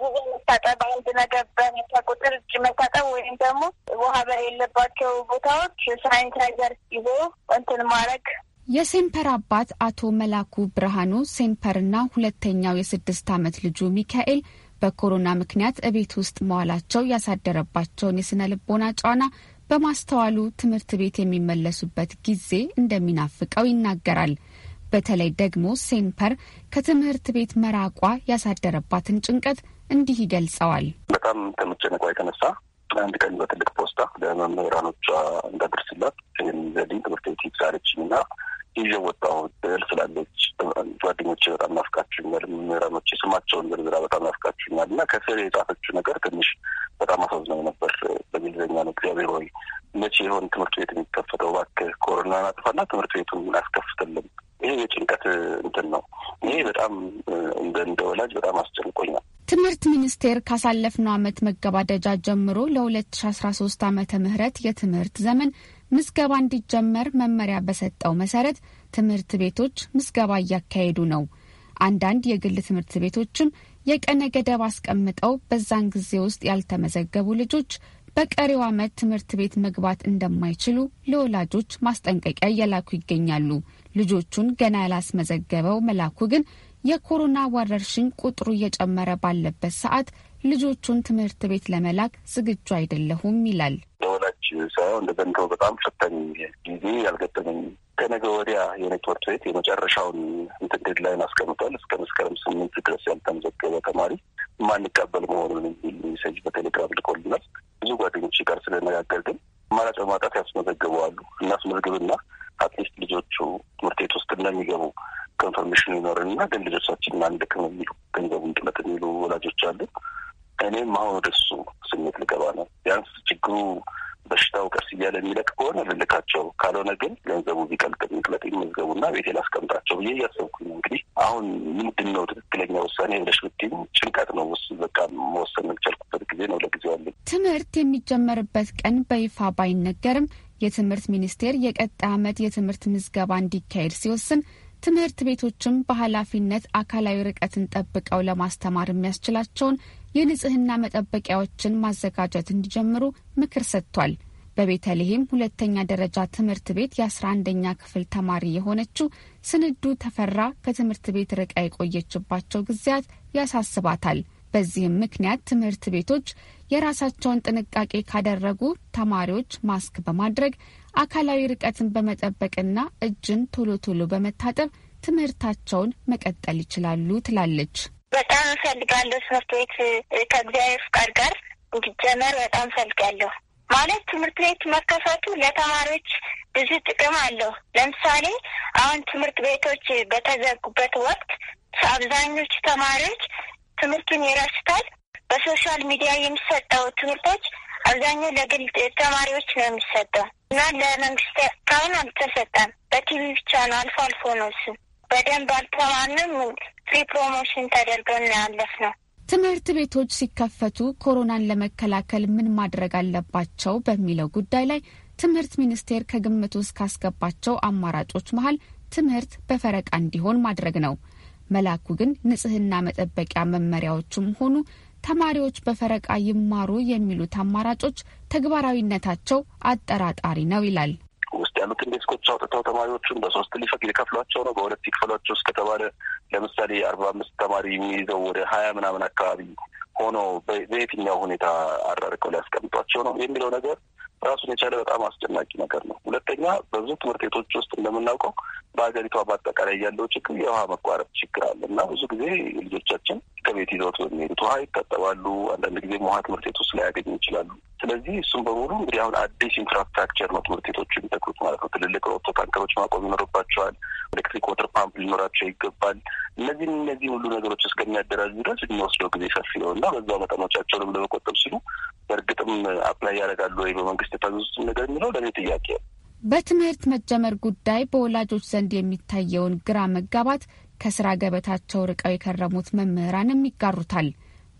S6: መታጠብ፣ አንድ ነገር በመታ ቁጥር እጅ መታጠብ ወይም ደግሞ ውሃ በሌለባቸው ቦታዎች ሳኒታይዘር ይዞ እንትን ማድረግ
S12: የሴምፐር አባት አቶ መላኩ ብርሃኑ ሴምፐርና ሁለተኛው የስድስት ዓመት ልጁ ሚካኤል በኮሮና ምክንያት እቤት ውስጥ መዋላቸው ያሳደረባቸውን የስነ ልቦና ጫና በማስተዋሉ ትምህርት ቤት የሚመለሱበት ጊዜ እንደሚናፍቀው ይናገራል። በተለይ ደግሞ ሴምፐር ከትምህርት ቤት መራቋ ያሳደረባትን ጭንቀት እንዲህ ይገልጸዋል።
S13: በጣም ከመጨነቋ የተነሳ አንድ ቀን በትልቅ ፖስታ ለመምህራኖቿ እንዳደርስላት ይህን ዘዴ ትምህርት ቤት ይዛለችኝ እና ይዤው ወጣሁ። ስላለች ጓደኞች በጣም ናፍቃችሁኛል፣ መምህራኖቼ ስማቸውን ዝርዝራ በጣም ናፍቃችሁኛል እና ከስር የጻፈችው ነገር ትንሽ በጣም አሳዝነው ነበር። በእንግሊዝኛ ነው። እግዚአብሔር ሆይ መቼ ይሆን ትምህርት ቤት የሚከፈተው? እባክህ ኮሮና አጥፋና ትምህርት ቤቱን አስከፍትልም ይሄ የጭንቀት እንትን ነው። ይሄ በጣም እንደ ወላጅ በጣም አስጨንቆኛል።
S12: ትምህርት ሚኒስቴር ካሳለፍነው ዓመት መገባደጃ ጀምሮ ለ2013 ዓመተ ምህረት የትምህርት ዘመን ምዝገባ እንዲጀመር መመሪያ በሰጠው መሰረት ትምህርት ቤቶች ምዝገባ እያካሄዱ ነው። አንዳንድ የግል ትምህርት ቤቶችም የቀነ ገደብ አስቀምጠው በዛን ጊዜ ውስጥ ያልተመዘገቡ ልጆች በቀሪው ዓመት ትምህርት ቤት መግባት እንደማይችሉ ለወላጆች ማስጠንቀቂያ እየላኩ ይገኛሉ። ልጆቹን ገና ያላስመዘገበው መላኩ ግን የኮሮና ወረርሽኝ ቁጥሩ እየጨመረ ባለበት ሰዓት ልጆቹን ትምህርት ቤት ለመላክ ዝግጁ አይደለሁም ይላል። ደወላች ሳይሆን እንደ በጣም ፈታኝ ጊዜ ያልገጠመኝ ከነገ ወዲያ የኔትወርክ ቤት የመጨረሻውን እንትን
S13: ዴድላይን አስቀምጧል። እስከ መስከረም ስምንት ድረስ ያልተመዘገበ ተማሪ ማንቀበል መሆኑን የሚል ሜሴጅ በቴሌግራም ልኮልናል። ብዙ ጓደኞች ጋር ስለነጋገር ግን አማራጭ በማጣት ያስመዘግበዋሉ። እናስመዝግብና አትሊስት ልጆቹ ትምህርት ቤት ውስጥ እንደሚገቡ ኮንፈርሜሽን ይኖርንና ግን ልጆቻችን አንድክም የሚሉ ገንዘቡ እንጥለት የሚሉ ወላጆች አሉ። እኔም አሁን ወደሱ ስሜት ልገባ ነው። ቢያንስ ችግሩ በሽታው ቀስ እያለ የሚለቅ ከሆነ ልልካቸው፣ ካልሆነ ግን ገንዘቡ ቢቀልቅ ሚቅለጥ መዝገቡና ቤቴ ላስቀምጣቸው ብዬ እያሰብኩኝ እንግዲህ አሁን ምንድን ነው ትክክለኛ ውሳኔ ብለሽ ብትይኝ ጭንቀት ነው። ውስ በቃ
S12: መወሰን ያልቻልኩበት ጊዜ ነው። ለጊዜው አለኝ። ትምህርት የሚጀመርበት ቀን በይፋ ባይነገርም የትምህርት ሚኒስቴር የቀጣይ ዓመት የትምህርት ምዝገባ እንዲካሄድ ሲወስን ትምህርት ቤቶችም በኃላፊነት አካላዊ ርቀትን ጠብቀው ለማስተማር የሚያስችላቸውን የንጽህና መጠበቂያዎችን ማዘጋጀት እንዲጀምሩ ምክር ሰጥቷል። በቤተልሔም ሁለተኛ ደረጃ ትምህርት ቤት የአስራ አንደኛ ክፍል ተማሪ የሆነችው ስንዱ ተፈራ ከትምህርት ቤት ርቃ የቆየችባቸው ጊዜያት ያሳስባታል። በዚህም ምክንያት ትምህርት ቤቶች የራሳቸውን ጥንቃቄ ካደረጉ ተማሪዎች ማስክ በማድረግ አካላዊ ርቀትን በመጠበቅና እጅን ቶሎ ቶሎ በመታጠብ ትምህርታቸውን መቀጠል ይችላሉ ትላለች። በጣም
S6: እፈልጋለሁ። ትምህርት ቤት ከእግዚአብሔር ፍቃድ ጋር እንዲጀመር በጣም እፈልጋለሁ። ማለት ትምህርት ቤት መከፈቱ ለተማሪዎች ብዙ ጥቅም አለው። ለምሳሌ አሁን ትምህርት ቤቶች በተዘጉበት ወቅት አብዛኞቹ ተማሪዎች ትምህርቱን ይረስታል። በሶሻል ሚዲያ የሚሰጠው ትምህርቶች አብዛኛው ለግል ተማሪዎች ነው የሚሰጠው እና ለመንግስት ካሁን አልተሰጠም። በቲቪ ብቻ ነው፣ አልፎ አልፎ ነው። እሱ በደንብ አልተማንም ፍሪ ፕሮሞሽን ተደርገው እናያለፍ
S12: ነው። ትምህርት ቤቶች ሲከፈቱ ኮሮናን ለመከላከል ምን ማድረግ አለባቸው በሚለው ጉዳይ ላይ ትምህርት ሚኒስቴር ከግምት ውስጥ ካስገባቸው አማራጮች መሀል ትምህርት በፈረቃ እንዲሆን ማድረግ ነው። መላኩ ግን ንጽህና መጠበቂያ መመሪያዎችም ሆኑ ተማሪዎች በፈረቃ ይማሩ የሚሉት አማራጮች ተግባራዊነታቸው አጠራጣሪ ነው ይላል። ውስጥ
S13: ያሉትን ዴስኮች አውጥተው ተማሪዎቹን በሶስት ሊፈቅ ሊከፍሏቸው ነው በሁለት ይክፈሏቸው እስከተባለ ለምሳሌ አርባ አምስት ተማሪ የሚይዘው ወደ ሀያ ምናምን አካባቢ ሆኖ በየትኛው ሁኔታ አራርቀው ሊያስቀምጧቸው ነው የሚለው ነገር ራሱን የቻለ በጣም አስጨናቂ ነገር ነው። ሁለተኛ በብዙ ትምህርት ቤቶች ውስጥ እንደምናውቀው በሀገሪቷ በአጠቃላይ ያለው ችግር የውሃ መቋረጥ ችግር አለ እና ብዙ ጊዜ ልጆቻችን ከቤት ይዘውት በሚሄዱት ውሃ ይታጠባሉ። አንዳንድ ጊዜ ውሃ ትምህርት ቤት ውስጥ ላያገኙ ይችላሉ። ስለዚህ እሱም በሙሉ እንግዲህ አሁን አዲስ ኢንፍራስትራክቸር ነው ትምህርት ቤቶቹ የሚጠቅሩት ማለት ነው። ትልልቅ ሮቶ ታንከሮች ማቆም ይኖርባቸዋል። ኤሌክትሪክ ወተር ፓምፕ ሊኖራቸው ይገባል። እነዚህ እነዚህ ሁሉ ነገሮች እስከሚያደራጁ ድረስ የሚወስደው ጊዜ ሰፊ ነው እና በዛ መጠኖቻቸውንም ለመቆጠብ ሲሉ በእርግጥም አፕላይ ያደርጋሉ ወይ በመንግስት ውስጥ የታዘዙት ነገር የሚለው ለእኔ ጥያቄ ነው።
S12: በትምህርት መጀመር ጉዳይ በወላጆች ዘንድ የሚታየውን ግራ መጋባት ከስራ ገበታቸው ርቀው የከረሙት መምህራንም ይጋሩታል።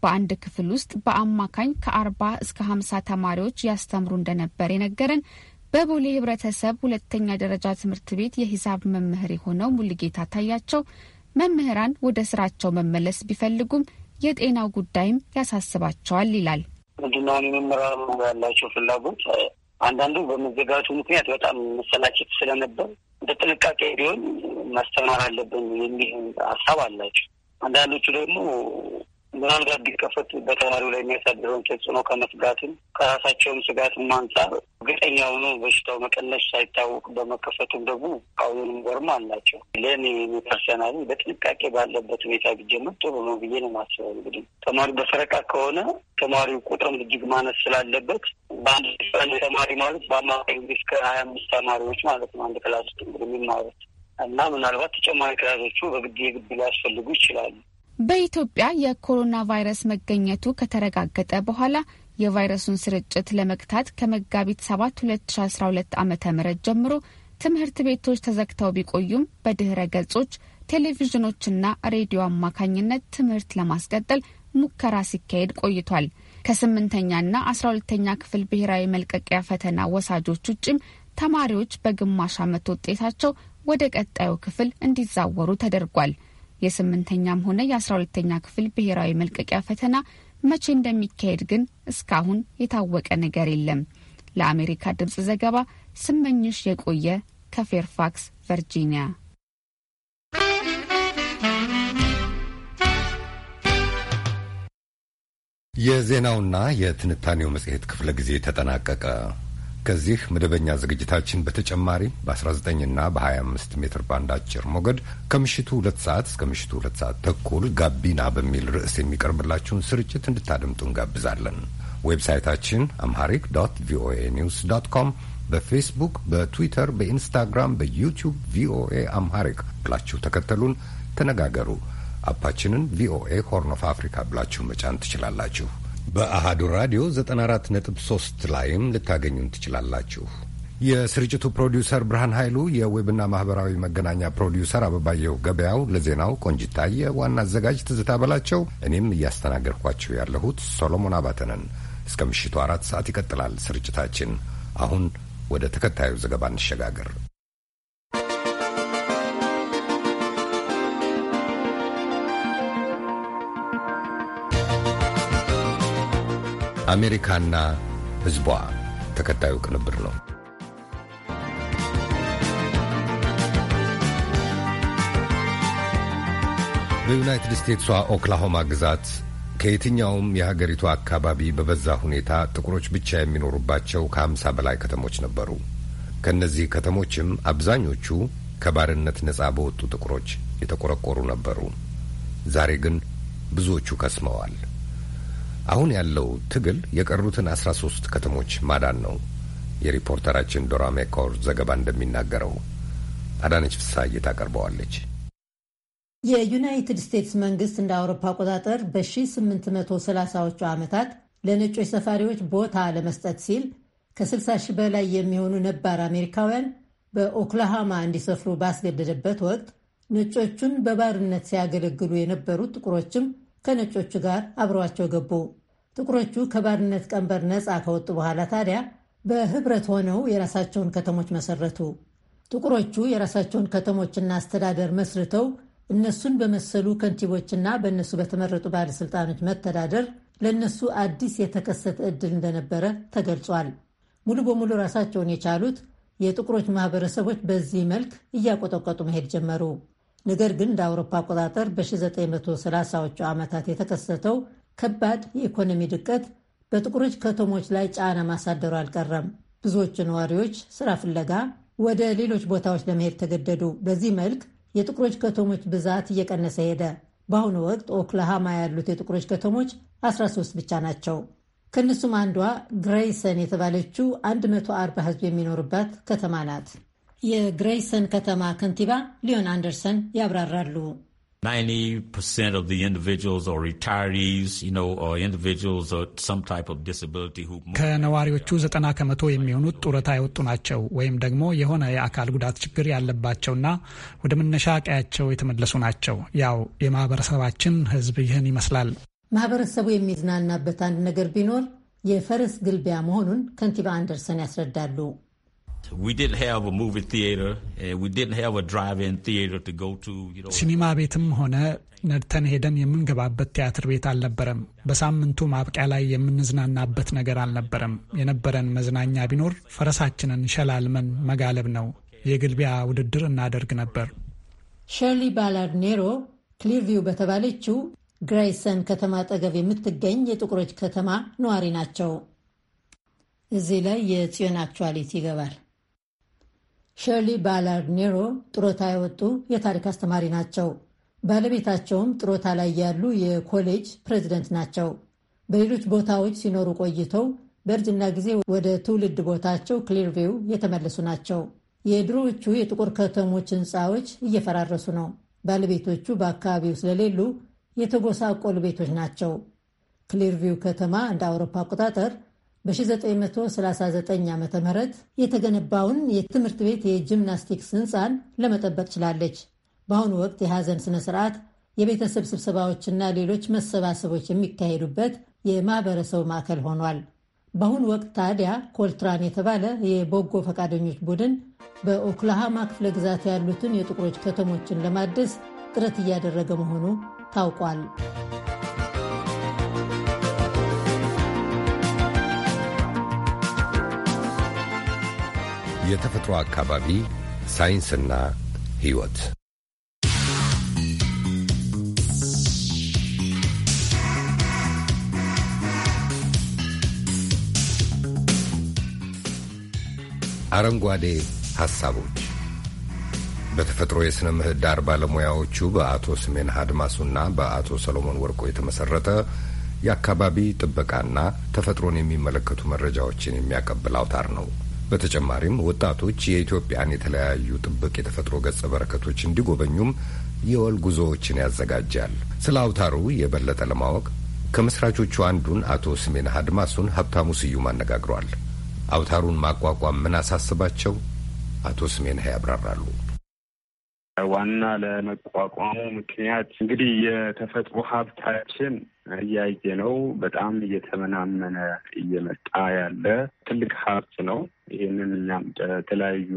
S12: በአንድ ክፍል ውስጥ በአማካኝ ከአርባ እስከ ሀምሳ ተማሪዎች ያስተምሩ እንደነበር የነገረን በቦሌ ህብረተሰብ ሁለተኛ ደረጃ ትምህርት ቤት የሂሳብ መምህር የሆነው ሙልጌታ ታያቸው መምህራን ወደ ስራቸው መመለስ ቢፈልጉም የጤናው ጉዳይም ያሳስባቸዋል ይላል።
S13: ምንድነው የመመራሩ ያላቸው ፍላጎት አንዳንዱ በመዘጋቱ ምክንያት በጣም መሰላቸት ስለነበር እንደ ጥንቃቄ ቢሆን ማስተማር አለብን የሚል ሀሳብ አላቸው። አንዳንዶቹ ደግሞ ምናልባት ቢከፈት በተማሪው ላይ የሚያሳድረውን ተጽዕኖ ከመስጋትም ከራሳቸውም ስጋትም አንጻር እርግጠኛ ሆኖ በሽታው መቀነስ ሳይታወቅ በመከፈቱም ደግሞ አሁንም ወርም አላቸው። ለእኔ ፐርሰናሊ በጥንቃቄ ባለበት ሁኔታ ቢጀመር ጥሩ ነው ብዬ ነው ማስበው። እንግዲህ ተማሪ በፈረቃ ከሆነ ተማሪው ቁጥርም እጅግ ማነስ ስላለበት በአንድ ተማሪ ማለት በአማካይ እንግዲህ እስከ ሀያ አምስት ተማሪዎች ማለት ነው አንድ ክላስ ውስጥ እንግዲህ የሚማሩት እና ምናልባት ተጨማሪ ክላሶቹ በግድ የግድ ሊያስፈልጉ ይችላሉ።
S12: በኢትዮጵያ የኮሮና ቫይረስ መገኘቱ ከተረጋገጠ በኋላ የቫይረሱን ስርጭት ለመግታት ከመጋቢት 7 2012 ዓ ም ጀምሮ ትምህርት ቤቶች ተዘግተው ቢቆዩም በድኅረ ገጾች ቴሌቪዥኖችና ሬዲዮ አማካኝነት ትምህርት ለማስቀጠል ሙከራ ሲካሄድ ቆይቷል። ከስምንተኛና አስራ ሁለተኛ ክፍል ብሔራዊ መልቀቂያ ፈተና ወሳጆች ውጭም ተማሪዎች በግማሽ ዓመት ውጤታቸው ወደ ቀጣዩ ክፍል እንዲዛወሩ ተደርጓል። የስምንተኛም ሆነ የአስራ ሁለተኛ ክፍል ብሔራዊ መልቀቂያ ፈተና መቼ እንደሚካሄድ ግን እስካሁን የታወቀ ነገር የለም። ለአሜሪካ ድምፅ ዘገባ ስመኝሽ የቆየ ከፌርፋክስ ቨርጂኒያ።
S1: የዜናውና የትንታኔው መጽሔት ክፍለ ጊዜ ተጠናቀቀ። ከዚህ መደበኛ ዝግጅታችን በተጨማሪ በ19 እና በ25 ሜትር ባንድ አጭር ሞገድ ከምሽቱ ሁለት ሰዓት እስከ ምሽቱ ሁለት ሰዓት ተኩል ጋቢና በሚል ርዕስ የሚቀርብላችሁን ስርጭት እንድታደምጡ እንጋብዛለን። ዌብሳይታችን አምሃሪክ ዶት ቪኦኤ ኒውስ ዶት ኮም፣ በፌስቡክ፣ በትዊተር፣ በኢንስታግራም፣ በዩቲዩብ ቪኦኤ አምሃሪክ ብላችሁ ተከተሉን፣ ተነጋገሩ። አፓችንን ቪኦኤ ሆርን ኦፍ አፍሪካ ብላችሁ መጫን ትችላላችሁ። በአሃዱ ራዲዮ 94.3 ላይም ልታገኙን ትችላላችሁ። የስርጭቱ ፕሮዲውሰር ብርሃን ኃይሉ፣ የዌብና ማህበራዊ መገናኛ ፕሮዲውሰር አበባየሁ ገበያው፣ ለዜናው ቆንጅታየ፣ ዋና አዘጋጅ ትዝታ በላቸው፣ እኔም እያስተናገድኳችሁ ያለሁት ሶሎሞን አባተነን። እስከ ምሽቱ አራት ሰዓት ይቀጥላል ስርጭታችን። አሁን ወደ ተከታዩ ዘገባ እንሸጋገር። አሜሪካና ሕዝቧ ተከታዩ ቅንብር ነው። በዩናይትድ ስቴትሷ ኦክላሆማ ግዛት ከየትኛውም የሀገሪቱ አካባቢ በበዛ ሁኔታ ጥቁሮች ብቻ የሚኖሩባቸው ከአምሳ በላይ ከተሞች ነበሩ። ከእነዚህ ከተሞችም አብዛኞቹ ከባርነት ነጻ በወጡ ጥቁሮች የተቆረቆሩ ነበሩ። ዛሬ ግን ብዙዎቹ ከስመዋል። አሁን ያለው ትግል የቀሩትን አስራ ሶስት ከተሞች ማዳን ነው። የሪፖርተራችን ዶራ ሜኮር ዘገባ እንደሚናገረው አዳነች ፍስሐዬ ታቀርበዋለች።
S14: የዩናይትድ ስቴትስ መንግስት እንደ አውሮፓ አቆጣጠር በ1830ዎቹ ዓመታት ለነጮች ሰፋሪዎች ቦታ ለመስጠት ሲል ከ60 ሺህ በላይ የሚሆኑ ነባር አሜሪካውያን በኦክላሃማ እንዲሰፍሩ ባስገደደበት ወቅት ነጮቹን በባርነት ሲያገለግሉ የነበሩት ጥቁሮችም ከነጮቹ ጋር አብረዋቸው ገቡ። ጥቁሮቹ ከባርነት ቀንበር ነፃ ከወጡ በኋላ ታዲያ በህብረት ሆነው የራሳቸውን ከተሞች መሰረቱ። ጥቁሮቹ የራሳቸውን ከተሞችና አስተዳደር መስርተው እነሱን በመሰሉ ከንቲቦችና በእነሱ በተመረጡ ባለሥልጣኖች መተዳደር ለእነሱ አዲስ የተከሰተ ዕድል እንደነበረ ተገልጿል። ሙሉ በሙሉ ራሳቸውን የቻሉት የጥቁሮች ማህበረሰቦች በዚህ መልክ እያቆጠቆጡ መሄድ ጀመሩ። ነገር ግን እንደ አውሮፓ አቆጣጠር በ1930ዎቹ ዓመታት የተከሰተው ከባድ የኢኮኖሚ ድቀት በጥቁሮች ከተሞች ላይ ጫና ማሳደሩ አልቀረም። ብዙዎቹ ነዋሪዎች ስራ ፍለጋ ወደ ሌሎች ቦታዎች ለመሄድ ተገደዱ። በዚህ መልክ የጥቁሮች ከተሞች ብዛት እየቀነሰ ሄደ። በአሁኑ ወቅት ኦክላሃማ ያሉት የጥቁሮች ከተሞች 13 ብቻ ናቸው። ከእነሱም አንዷ ግሬይሰን የተባለችው 140 ሕዝብ የሚኖርባት ከተማ ናት። የግሬይሰን ከተማ ከንቲባ ሊዮን አንደርሰን ያብራራሉ።
S7: 90% uh,
S10: ከነዋሪዎቹ ዘጠና ከመቶ የሚሆኑት ጡረታ የወጡ ናቸው ወይም ደግሞ የሆነ የአካል ጉዳት ችግር ያለባቸውና ወደ መነሻ ቀያቸው የተመለሱ ናቸው። ያው የማህበረሰባችን ህዝብ ይህን ይመስላል።
S14: ማህበረሰቡ የሚዝናናበት አንድ ነገር ቢኖር የፈረስ ግልቢያ መሆኑን ከንቲባ አንደርሰን ያስረዳሉ።
S7: ሲኒማ
S10: ቤትም ሆነ ነድተን ሄደን የምንገባበት ቲያትር ቤት አልነበረም። በሳምንቱ ማብቂያ ላይ የምንዝናናበት ነገር አልነበረም። የነበረን መዝናኛ ቢኖር ፈረሳችንን ሸላልመን መጋለብ ነው። የግልቢያ ውድድር እናደርግ
S9: ነበር።
S14: ሸርሊ ባላርድ ኔሮ ክሊርቪው በተባለችው ግራይሰን ከተማ አጠገብ የምትገኝ የጥቁሮች ከተማ ነዋሪ ናቸው። እዚህ ላይ የጽዮን አክቹዋሊቲ ይገባል። ሸርሊ ባላርድ ኔሮ ጥሮታ የወጡ የታሪክ አስተማሪ ናቸው። ባለቤታቸውም ጥሮታ ላይ ያሉ የኮሌጅ ፕሬዚደንት ናቸው። በሌሎች ቦታዎች ሲኖሩ ቆይተው በእርጅና ጊዜ ወደ ትውልድ ቦታቸው ክሊርቪው የተመለሱ ናቸው። የድሮዎቹ የጥቁር ከተሞች ሕንፃዎች እየፈራረሱ ነው። ባለቤቶቹ በአካባቢው ስለሌሉ የተጎሳቆሉ ቤቶች ናቸው። ክሊርቪው ከተማ እንደ አውሮፓ አቆጣጠር በ1939 ዓ ም የተገነባውን የትምህርት ቤት የጂምናስቲክስ ህንፃን ለመጠበቅ ችላለች። በአሁኑ ወቅት የሐዘን ስነ ስርዓት፣ የቤተሰብ ስብሰባዎችና ሌሎች መሰባሰቦች የሚካሄዱበት የማህበረሰቡ ማዕከል ሆኗል። በአሁኑ ወቅት ታዲያ ኮልትራን የተባለ የበጎ ፈቃደኞች ቡድን በኦክላሃማ ክፍለ ግዛት ያሉትን የጥቁሮች ከተሞችን ለማደስ ጥረት እያደረገ መሆኑ ታውቋል።
S1: የተፈጥሮ አካባቢ፣ ሳይንስና ሕይወት አረንጓዴ ሐሳቦች በተፈጥሮ የሥነ ምህዳር ባለሙያዎቹ በአቶ ስሜን ሀድማሱና በአቶ ሰሎሞን ወርቆ የተመሠረተ የአካባቢ ጥበቃና ተፈጥሮን የሚመለከቱ መረጃዎችን የሚያቀብል አውታር ነው። በተጨማሪም ወጣቶች የኢትዮጵያን የተለያዩ ጥብቅ የተፈጥሮ ገጸ በረከቶች እንዲጎበኙም የወል ጉዞዎችን ያዘጋጃል። ስለ አውታሩ የበለጠ ለማወቅ ከመስራቾቹ አንዱን አቶ ስሜን አድማሱን ሀብታሙ ስዩም አነጋግሯል። አውታሩን ማቋቋም ምን አሳስባቸው? አቶ ስሜን ያብራራሉ።
S7: ዋና ለመቋቋሙ ምክንያት እንግዲህ የተፈጥሮ ሀብታችን እያየ ነው። በጣም እየተመናመነ እየመጣ ያለ ትልቅ ሀብት ነው። ይህንን እኛም የተለያዩ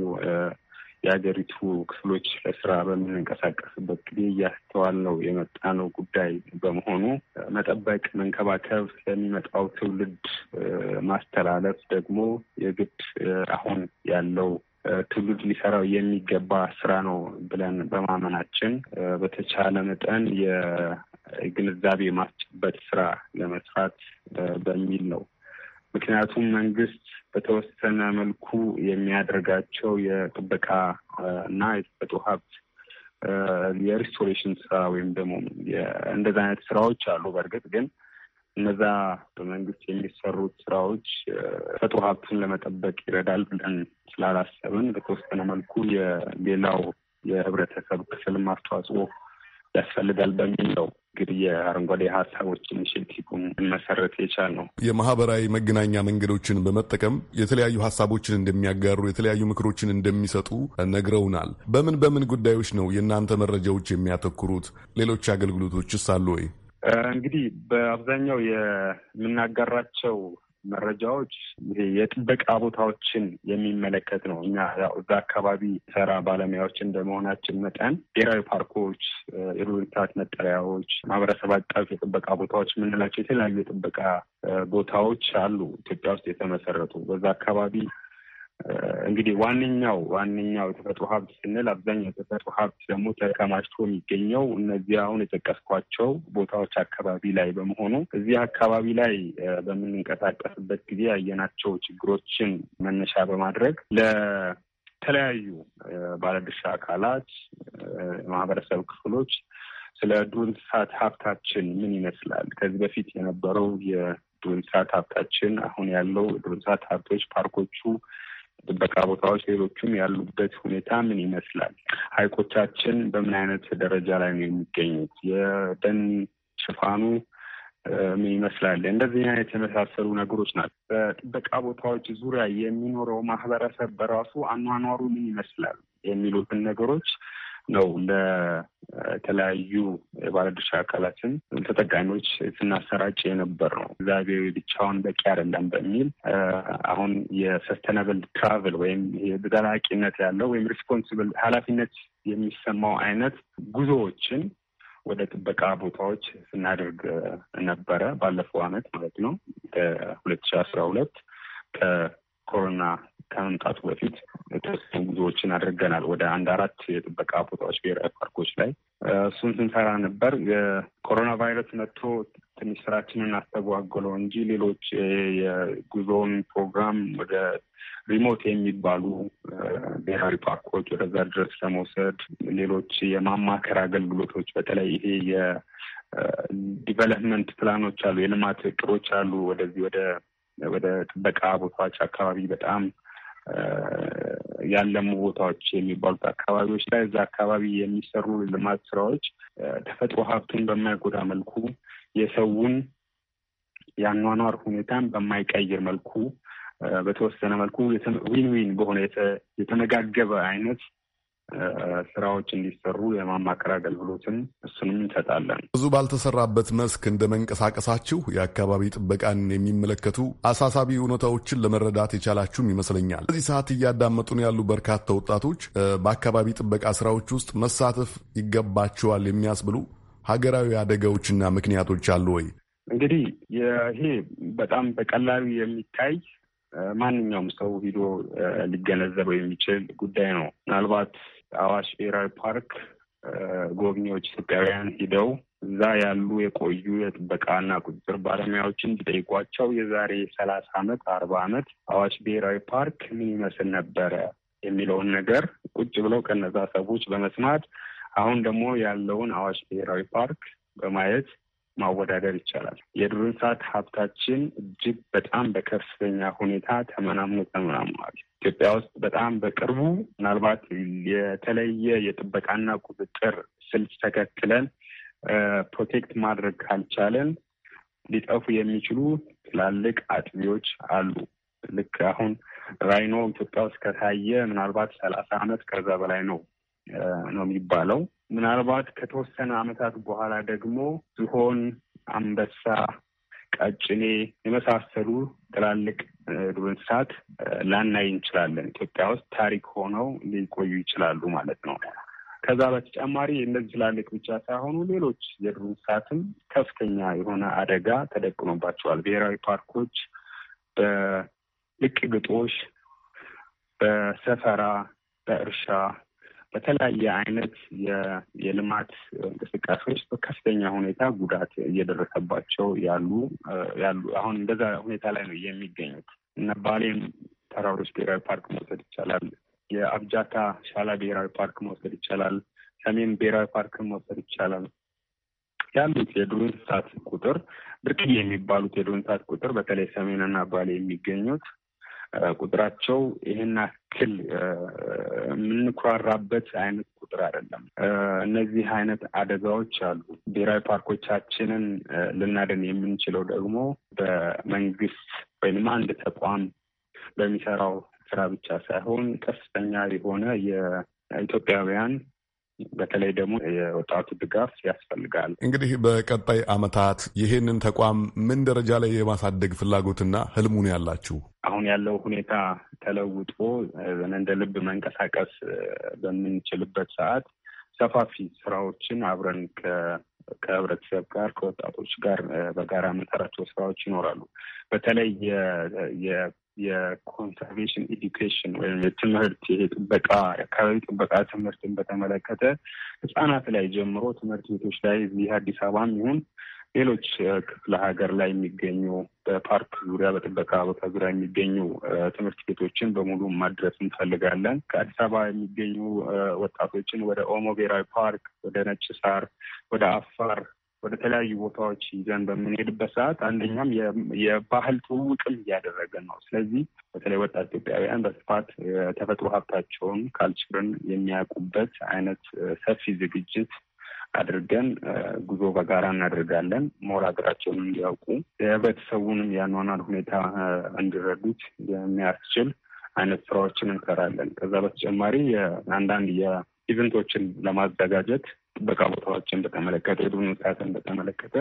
S7: የሀገሪቱ ክፍሎች ለስራ በምንንቀሳቀስበት ጊዜ እያስተዋል ነው የመጣ ነው ጉዳይ በመሆኑ መጠበቅ፣ መንከባከብ፣ ለሚመጣው ትውልድ ማስተላለፍ ደግሞ የግድ አሁን ያለው ትውልድ ሊሰራው የሚገባ ስራ ነው ብለን በማመናችን በተቻለ መጠን ግንዛቤ ማስጨበጥ ስራ ለመስራት በሚል ነው። ምክንያቱም መንግስት በተወሰነ መልኩ የሚያደርጋቸው የጥበቃ እና የተፈጥሮ ሀብት የሪስቶሬሽን ስራ ወይም ደግሞ እንደዛ አይነት ስራዎች አሉ። በእርግጥ ግን እነዛ በመንግስት የሚሰሩት ስራዎች ተፈጥሮ ሀብትን ለመጠበቅ ይረዳል ብለን ስላላሰብን በተወሰነ መልኩ የሌላው የህብረተሰብ ክፍልም አስተዋጽኦ ያስፈልጋል በሚል ነው እንግዲህ የአረንጓዴ ሀሳቦች ኢኒሽቲቭን መሰረት የቻል ነው።
S11: የማህበራዊ መገናኛ መንገዶችን በመጠቀም የተለያዩ ሀሳቦችን እንደሚያጋሩ፣ የተለያዩ ምክሮችን እንደሚሰጡ ነግረውናል። በምን በምን ጉዳዮች ነው የእናንተ መረጃዎች የሚያተኩሩት? ሌሎች አገልግሎቶችስ አሉ ወይ?
S7: እንግዲህ በአብዛኛው የምናጋራቸው መረጃዎች የጥበቃ ቦታዎችን የሚመለከት ነው። እኛ እዛ አካባቢ ሰራ ባለሙያዎች እንደመሆናችን መጠን ብሔራዊ ፓርኮች፣ የዱር እንስሳት መጠለያዎች፣ ማህበረሰብ አቀፍ የጥበቃ ቦታዎች የምንላቸው የተለያዩ የጥበቃ ቦታዎች አሉ ኢትዮጵያ ውስጥ የተመሰረቱ በዛ አካባቢ እንግዲህ ዋነኛው ዋነኛው የተፈጥሮ ሀብት ስንል አብዛኛው የተፈጥሮ ሀብት ደግሞ ተከማችቶ የሚገኘው እነዚህ አሁን የጠቀስኳቸው ቦታዎች አካባቢ ላይ በመሆኑ እዚህ አካባቢ ላይ በምንንቀሳቀስበት ጊዜ ያየናቸው ችግሮችን መነሻ በማድረግ ለተለያዩ ባለድርሻ አካላት፣ ማህበረሰብ ክፍሎች ስለ ዱር እንስሳት ሀብታችን ምን ይመስላል ከዚህ በፊት የነበረው የዱር እንስሳት ሀብታችን አሁን ያለው የዱር እንስሳት ሀብቶች ፓርኮቹ ጥበቃ ቦታዎች፣ ሌሎቹም ያሉበት ሁኔታ ምን ይመስላል? ሀይቆቻችን በምን አይነት ደረጃ ላይ ነው የሚገኙት? የደን ሽፋኑ ምን ይመስላል? እንደዚህ አይነት ነገሮች ናቸው። በጥበቃ ቦታዎች ዙሪያ የሚኖረው ማህበረሰብ በራሱ አኗኗሩ ምን ይመስላል የሚሉትን ነገሮች ነው ለተለያዩ የባለድርሻ አካላትን ተጠቃሚዎች ስናሰራጭ የነበር ነው። እግዚአብሔር ብቻውን በቂ አይደለም በሚል አሁን የሰስተናብል ትራቭል ወይም ዘላቂነት ያለው ወይም ሪስፖንስብል ኃላፊነት የሚሰማው አይነት ጉዞዎችን ወደ ጥበቃ ቦታዎች ስናደርግ ነበረ። ባለፈው አመት ማለት ነው በሁለት ሺ አስራ ሁለት ከኮሮና ከመምጣቱ በፊት ጉዞዎችን አድርገናል ወደ አንድ አራት የጥበቃ ቦታዎች ብሔራዊ ፓርኮች ላይ እሱን ስንሰራ ነበር። ኮሮና ቫይረስ መጥቶ ትንሽ ስራችንን አስተጓጉለው እንጂ ሌሎች የጉዞውን ፕሮግራም ወደ ሪሞት የሚባሉ ብሔራዊ ፓርኮች ወደዛ ድረስ ለመውሰድ ሌሎች የማማከር አገልግሎቶች በተለይ ይሄ የዲቨሎፕመንት ፕላኖች አሉ፣ የልማት እቅዶች አሉ። ወደዚህ ወደ ወደ ጥበቃ ቦታዎች አካባቢ በጣም ያለሙ ቦታዎች የሚባሉት አካባቢዎች ላይ እዛ አካባቢ የሚሰሩ ልማት ስራዎች ተፈጥሮ ሀብቱን በማይጎዳ መልኩ የሰውን የአኗኗር ሁኔታን በማይቀይር መልኩ በተወሰነ መልኩ ዊን ዊን በሆነ የተመጋገበ አይነት ስራዎች እንዲሰሩ የማማከር አገልግሎትን እሱንም እንሰጣለን።
S11: ብዙ ባልተሰራበት መስክ እንደ መንቀሳቀሳችሁ የአካባቢ ጥበቃን የሚመለከቱ አሳሳቢ እውነታዎችን ለመረዳት የቻላችሁም ይመስለኛል። በዚህ ሰዓት እያዳመጡን ያሉ በርካታ ወጣቶች በአካባቢ ጥበቃ ስራዎች ውስጥ መሳተፍ ይገባቸዋል የሚያስብሉ ሀገራዊ አደጋዎችና ምክንያቶች አሉ ወይ?
S7: እንግዲህ ይሄ በጣም በቀላሉ የሚታይ ማንኛውም ሰው ሂዶ ሊገነዘበው የሚችል ጉዳይ ነው። ምናልባት አዋሽ ብሔራዊ ፓርክ ጎብኚዎች ኢትዮጵያውያን ሂደው እዛ ያሉ የቆዩ የጥበቃና ቁጥጥር ባለሙያዎችን ቢጠይቋቸው የዛሬ ሰላሳ አመት አርባ አመት አዋሽ ብሔራዊ ፓርክ ምን ይመስል ነበረ የሚለውን ነገር ቁጭ ብለው ከነዛ ሰዎች በመስማት አሁን ደግሞ ያለውን አዋሽ ብሔራዊ ፓርክ በማየት ማወዳደር ይቻላል። የዱር እንስሳት ሀብታችን እጅግ በጣም በከፍተኛ ሁኔታ ተመናምኖ ተመናምኗል። ኢትዮጵያ ውስጥ በጣም በቅርቡ ምናልባት የተለየ የጥበቃና ቁጥጥር ስልት ተከትለን ፕሮቴክት ማድረግ ካልቻለን ሊጠፉ የሚችሉ ትላልቅ አጥቢዎች አሉ። ልክ አሁን ራይኖ ኢትዮጵያ ውስጥ ከታየ ምናልባት ሰላሳ ዓመት ከዛ በላይ ነው ነው የሚባለው። ምናልባት ከተወሰነ ዓመታት በኋላ ደግሞ ዝሆን፣ አንበሳ፣ ቀጭኔ የመሳሰሉ ትላልቅ ዱር እንስሳት ላናይ እንችላለን። ኢትዮጵያ ውስጥ ታሪክ ሆነው ሊቆዩ ይችላሉ ማለት ነው። ከዛ በተጨማሪ እነዚህ ትላልቅ ብቻ ሳይሆኑ ሌሎች የዱር እንስሳትም ከፍተኛ የሆነ አደጋ ተደቅኖባቸዋል። ብሔራዊ ፓርኮች በልቅ ግጦሽ፣ በሰፈራ፣ በእርሻ በተለያየ አይነት የልማት እንቅስቃሴዎች በከፍተኛ ሁኔታ ጉዳት እየደረሰባቸው ያሉ ያሉ አሁን እንደዛ ሁኔታ ላይ ነው የሚገኙት እና ባሌም ተራሮች ብሔራዊ ፓርክ መውሰድ ይቻላል። የአብጃታ ሻላ ብሔራዊ ፓርክ መውሰድ ይቻላል። ሰሜን ብሔራዊ ፓርክ መውሰድ ይቻላል። ያሉት የዱር እንስሳት ቁጥር ብርቅዬ የሚባሉት የዱር እንስሳት ቁጥር በተለይ ሰሜንና ባሌ የሚገኙት ቁጥራቸው ይህን አክል የምንኮራራበት አይነት ቁጥር አይደለም። እነዚህ አይነት አደጋዎች አሉ። ብሔራዊ ፓርኮቻችንን ልናደን የምንችለው ደግሞ በመንግስት ወይም አንድ ተቋም በሚሰራው ስራ ብቻ ሳይሆን ከፍተኛ የሆነ የኢትዮጵያውያን በተለይ ደግሞ የወጣቱ ድጋፍ
S11: ያስፈልጋል። እንግዲህ በቀጣይ ዓመታት ይህንን ተቋም ምን ደረጃ ላይ የማሳደግ ፍላጎትና ህልሙን ያላችሁ?
S7: አሁን ያለው ሁኔታ ተለውጦ እንደ ልብ መንቀሳቀስ በምንችልበት ሰዓት ሰፋፊ ስራዎችን አብረን ከህብረተሰብ ጋር ከወጣቶች ጋር በጋራ የምንሰራቸው ስራዎች ይኖራሉ። በተለይ የኮንሰርቬሽን ኤዱኬሽን ወይም የትምህርት ጥበቃ የአካባቢ ጥበቃ ትምህርትን በተመለከተ ህጻናት ላይ ጀምሮ ትምህርት ቤቶች ላይ እዚህ አዲስ አበባም ይሁን ሌሎች ክፍለ ሀገር ላይ የሚገኙ በፓርክ ዙሪያ በጥበቃ ቦታ ዙሪያ የሚገኙ ትምህርት ቤቶችን በሙሉ ማድረስ እንፈልጋለን። ከአዲስ አበባ የሚገኙ ወጣቶችን ወደ ኦሞ ብሔራዊ ፓርክ፣ ወደ ነጭ ሳር፣ ወደ አፋር ወደ ተለያዩ ቦታዎች ይዘን በምንሄድበት ሰዓት አንደኛም የባህል ትውውቅም እያደረገን ነው። ስለዚህ በተለይ ወጣት ኢትዮጵያውያን በስፋት የተፈጥሮ ሀብታቸውን ካልቸርን የሚያውቁበት አይነት ሰፊ ዝግጅት አድርገን ጉዞ በጋራ እናደርጋለን። ሞር ሀገራቸውን እንዲያውቁ የህብረተሰቡንም የአኗኗር ሁኔታ እንዲረዱት የሚያስችል አይነት ስራዎችን እንሰራለን። ከዛ በተጨማሪ አንዳንድ ኢቨንቶችን ለማዘጋጀት ጥበቃ ቦታዎችን በተመለከተ የዱን ውጣትን በተመለከተ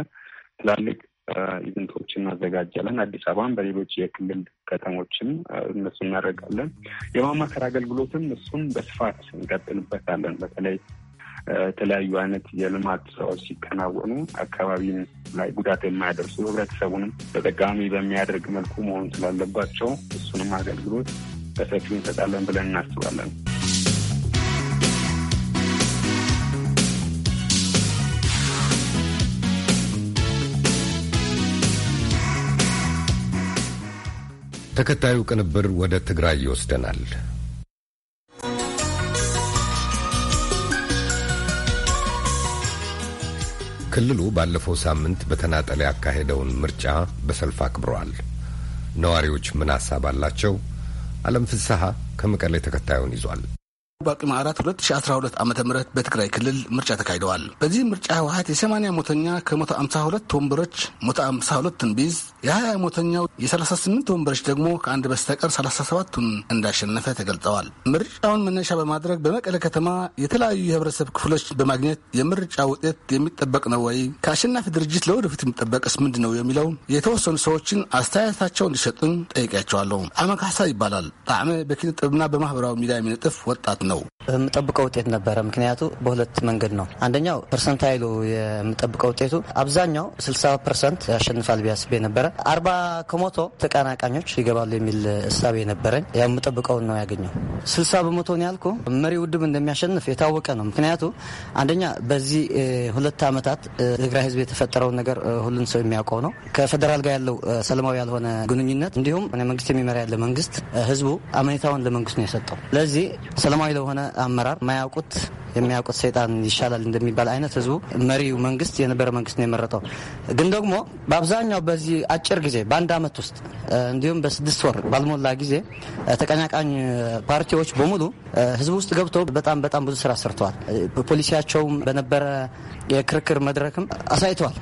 S7: ትላልቅ ኢቨንቶችን እናዘጋጃለን። አዲስ አበባን በሌሎች የክልል ከተሞችም እነሱ እናደርጋለን። የማማከር አገልግሎትም እሱን በስፋት እንቀጥልበታለን። በተለይ የተለያዩ አይነት የልማት ስራዎች ሲከናወኑ አካባቢን ላይ ጉዳት የማያደርሱ ህብረተሰቡንም ተጠቃሚ በሚያደርግ መልኩ መሆን ስላለባቸው እሱንም አገልግሎት በሰፊው እንሰጣለን ብለን እናስባለን።
S1: ተከታዩ ቅንብር ወደ ትግራይ ይወስደናል። ክልሉ ባለፈው ሳምንት በተናጠለ ያካሄደውን ምርጫ በሰልፍ አክብረዋል። ነዋሪዎች ምን ሀሳብ አላቸው? አለም ፍስሐ ከመቀሌ ተከታዩን ይዟል። ባቅማ
S15: አራት 2012 ዓ ም በትግራይ ክልል ምርጫ ተካሂደዋል። በዚህ ምርጫ ህወሀት የ80 ሞተኛ ከ152 ወንበሮች 152ን ቢዝ የ20 ሞተኛው የ38 ወንበሮች ደግሞ ከአንድ በስተቀር 37ቱን እንዳሸነፈ ተገልጸዋል። ምርጫውን መነሻ በማድረግ በመቀለ ከተማ የተለያዩ የህብረተሰብ ክፍሎች በማግኘት የምርጫ ውጤት የሚጠበቅ ነው ወይ፣ ከአሸናፊ ድርጅት ለወደፊት የሚጠበቅስ ምንድን ነው የሚለው የተወሰኑ ሰዎችን አስተያየታቸው እንዲሰጡን ጠይቄያቸዋለሁ። አመካሳ ይባላል። ጣዕመ በኪነ ጥበብና በማህበራዊ ሚዲያ የሚነጥፍ ወጣት ነው። know. የምጠብቀው ውጤት ነበረ። ምክንያቱ
S16: በሁለት መንገድ ነው። አንደኛው ፐርሰንት ኃይሉ የምጠብቀው ውጤቱ አብዛኛው 60 ፐርሰንት ያሸንፋል ቢያስቤ ነበረ። አርባ ከመቶ ተቀናቃኞች ይገባሉ የሚል እሳቤ ነበረኝ። የምጠብቀውን ነው ያገኘው። 60 በመቶን ያልኩ መሪ ውድብ እንደሚያሸንፍ የታወቀ ነው። ምክንያቱ አንደኛ በዚህ ሁለት ዓመታት ትግራይ ህዝብ የተፈጠረውን ነገር ሁሉን ሰው የሚያውቀው ነው። ከፌዴራል ጋር ያለው ሰላማዊ ያልሆነ ግንኙነት እንዲሁም መንግስት የሚመራ ያለ መንግስት ህዝቡ አመኔታውን ለመንግስት ነው የሰጠው። ለዚህ ሰላማዊ ለሆነ አመራር ማያውቁት የሚያውቁት ሰይጣን ይሻላል እንደሚባል አይነት ህዝቡ መሪው መንግስት የነበረ መንግስት ነው የመረጠው። ግን ደግሞ በአብዛኛው በዚህ አጭር ጊዜ በአንድ አመት ውስጥ እንዲሁም በስድስት ወር ባልሞላ ጊዜ ተቀናቃኝ ፓርቲዎች በሙሉ ህዝቡ ውስጥ ገብተው በጣም በጣም ብዙ ስራ ሰርተዋል። ፖሊሲያቸውም በነበረ የክርክር መድረክም አሳይተዋል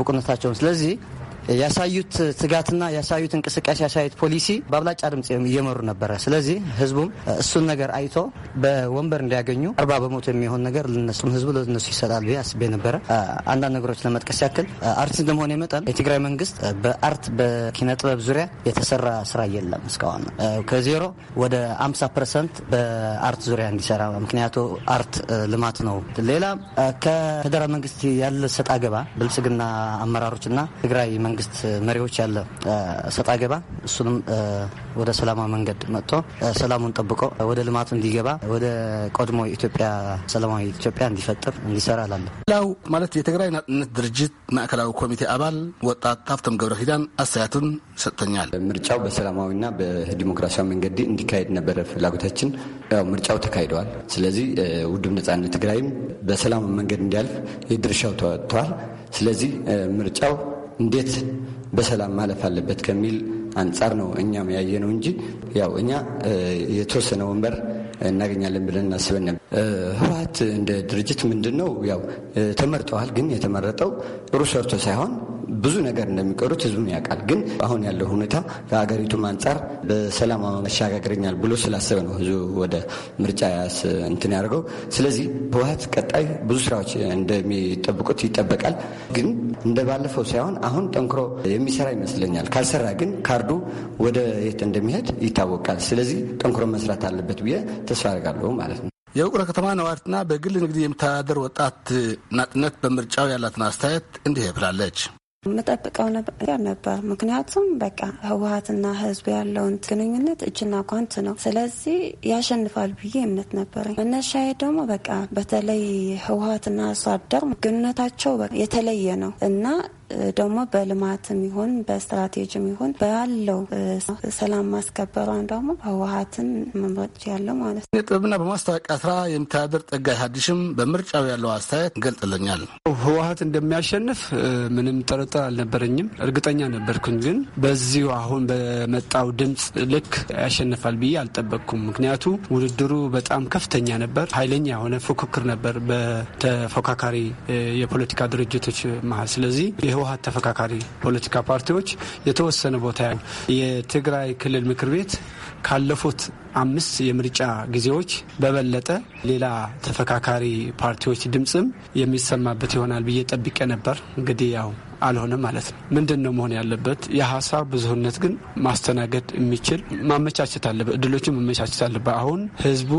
S16: ብቁነታቸውን። ስለዚህ ያሳዩት ትጋትና ያሳዩት እንቅስቃሴ ያሳዩት ፖሊሲ በአብላጫ ድምጽ እየመሩ ነበረ። ስለዚህ ህዝቡም እሱን ነገር አይቶ በወንበር እንዲያገኙ አርባ በመቶ የሚሆን ነገር ልነሱም ህዝቡ ለነሱ ይሰጣል ብዬ አስቤ ነበረ። አንዳንድ ነገሮች ለመጥቀስ ያክል አርቲስት እንደመሆነ መጠን የትግራይ መንግስት በአርት በኪነ ጥበብ ዙሪያ የተሰራ ስራ የለም እስካሁን ከዜሮ ወደ አምሳ ፐርሰንት በአርት ዙሪያ እንዲሰራ ምክንያቱ አርት ልማት ነው። ሌላ ከፌደራል መንግስት ያለ ሰጣ ገባ ብልጽግና አመራሮችና ትግራይ መንግስት መንግስት መሪዎች ያለ ሰጣ ገባ እሱንም ወደ ሰላማዊ መንገድ መጥቶ ሰላሙን ጠብቆ ወደ ልማቱ እንዲገባ ወደ ቀድሞ ኢትዮጵያ ሰላማዊ ኢትዮጵያ እንዲፈጥር እንዲሰራ ላለ
S15: ሌላው ማለት የትግራይ ናጥነት ድርጅት ማዕከላዊ ኮሚቴ አባል ወጣት ሀብቶም ገብረ ኪዳን አስተያየቱን ሰጥተኛል። ምርጫው
S17: በሰላማዊና በዲሞክራሲያዊ መንገድ እንዲካሄድ ነበረ ፍላጎታችን። ምርጫው ተካሂደዋል። ስለዚህ ውድብ ነጻነት ትግራይም በሰላማዊ መንገድ እንዲያልፍ የድርሻው ተወጥተዋል። ስለዚህ ምርጫው እንዴት በሰላም ማለፍ አለበት ከሚል አንጻር ነው እኛም ያየነው እንጂ ያው እኛ የተወሰነ ወንበር እናገኛለን ብለን እናስበን ነበር። ህወሀት እንደ ድርጅት ምንድን ነው ያው ተመርጠዋል፣ ግን የተመረጠው ጥሩ ሰርቶ ሳይሆን ብዙ ነገር እንደሚቀሩት ህዝቡም ያውቃል። ግን አሁን ያለው ሁኔታ ከሀገሪቱም አንጻር በሰላም መሻጋገርኛል ብሎ ስላሰበ ነው ህዝቡ ወደ ምርጫ ያስ እንትን ያደርገው። ስለዚህ ህወሀት ቀጣይ ብዙ ስራዎች እንደሚጠብቁት ይጠበቃል። ግን እንደ ባለፈው ሳይሆን አሁን ጠንክሮ የሚሰራ ይመስለኛል። ካልሰራ ግን ካርዱ ወደ የት እንደሚሄድ ይታወቃል። ስለዚህ ጠንክሮ መስራት አለበት ብዬ ተስፋ አርጋለሁ ማለት ነው።
S15: የውቅሮ ከተማ ነዋሪትና በግል ንግድ የምታደር ወጣት ናጥነት በምርጫው ያላትን አስተያየት እንዲህ ብላለች።
S16: የምጠብቀው ነገር ነበር። ምክንያቱም በቃ ህወሀትና ህዝብ ያለውን ግንኙነት እጅና ጓንት ነው። ስለዚህ ያሸንፋል ብዬ እምነት ነበረኝ። መነሻዬ ደግሞ በቃ በተለይ ህወሀትና አርሶ አደር ግንኙነታቸው የተለየ ነው እና ደግሞ በልማትም ይሁን በስትራቴጂም ይሁን ባለው ሰላም ማስከበሯን ደግሞ ህወሀትን መምረጥ ያለው ማለት ነው።
S15: የጥበብና በማስታወቂያ ስራ የሚተዳደር ጸጋይ ሀዲሽም በምርጫው ያለው አስተያየት ገልጥልኛል።
S18: ህወሀት እንደሚያሸንፍ ምንም ጥርጥር አልነበረኝም፣ እርግጠኛ ነበርኩኝ። ግን በዚሁ አሁን በመጣው ድምፅ ልክ ያሸንፋል ብዬ አልጠበቅኩም። ምክንያቱ ውድድሩ በጣም ከፍተኛ ነበር፣ ኃይለኛ የሆነ ፉክክር ነበር በተፎካካሪ የፖለቲካ ድርጅቶች መሀል ስለዚህ የህወሀት ተፈካካሪ ፖለቲካ ፓርቲዎች የተወሰነ ቦታ የትግራይ ክልል ምክር ቤት ካለፉት አምስት የምርጫ ጊዜዎች በበለጠ ሌላ ተፈካካሪ ፓርቲዎች ድምፅም የሚሰማበት ይሆናል ብዬ ጠብቄ ነበር። እንግዲህ ያው አልሆነም ማለት ነው። ምንድን ነው መሆን ያለበት? የሀሳብ ብዙህነት ግን ማስተናገድ የሚችል ማመቻቸት አለበት፣ እድሎችን ማመቻቸት አለበት። አሁን ህዝቡ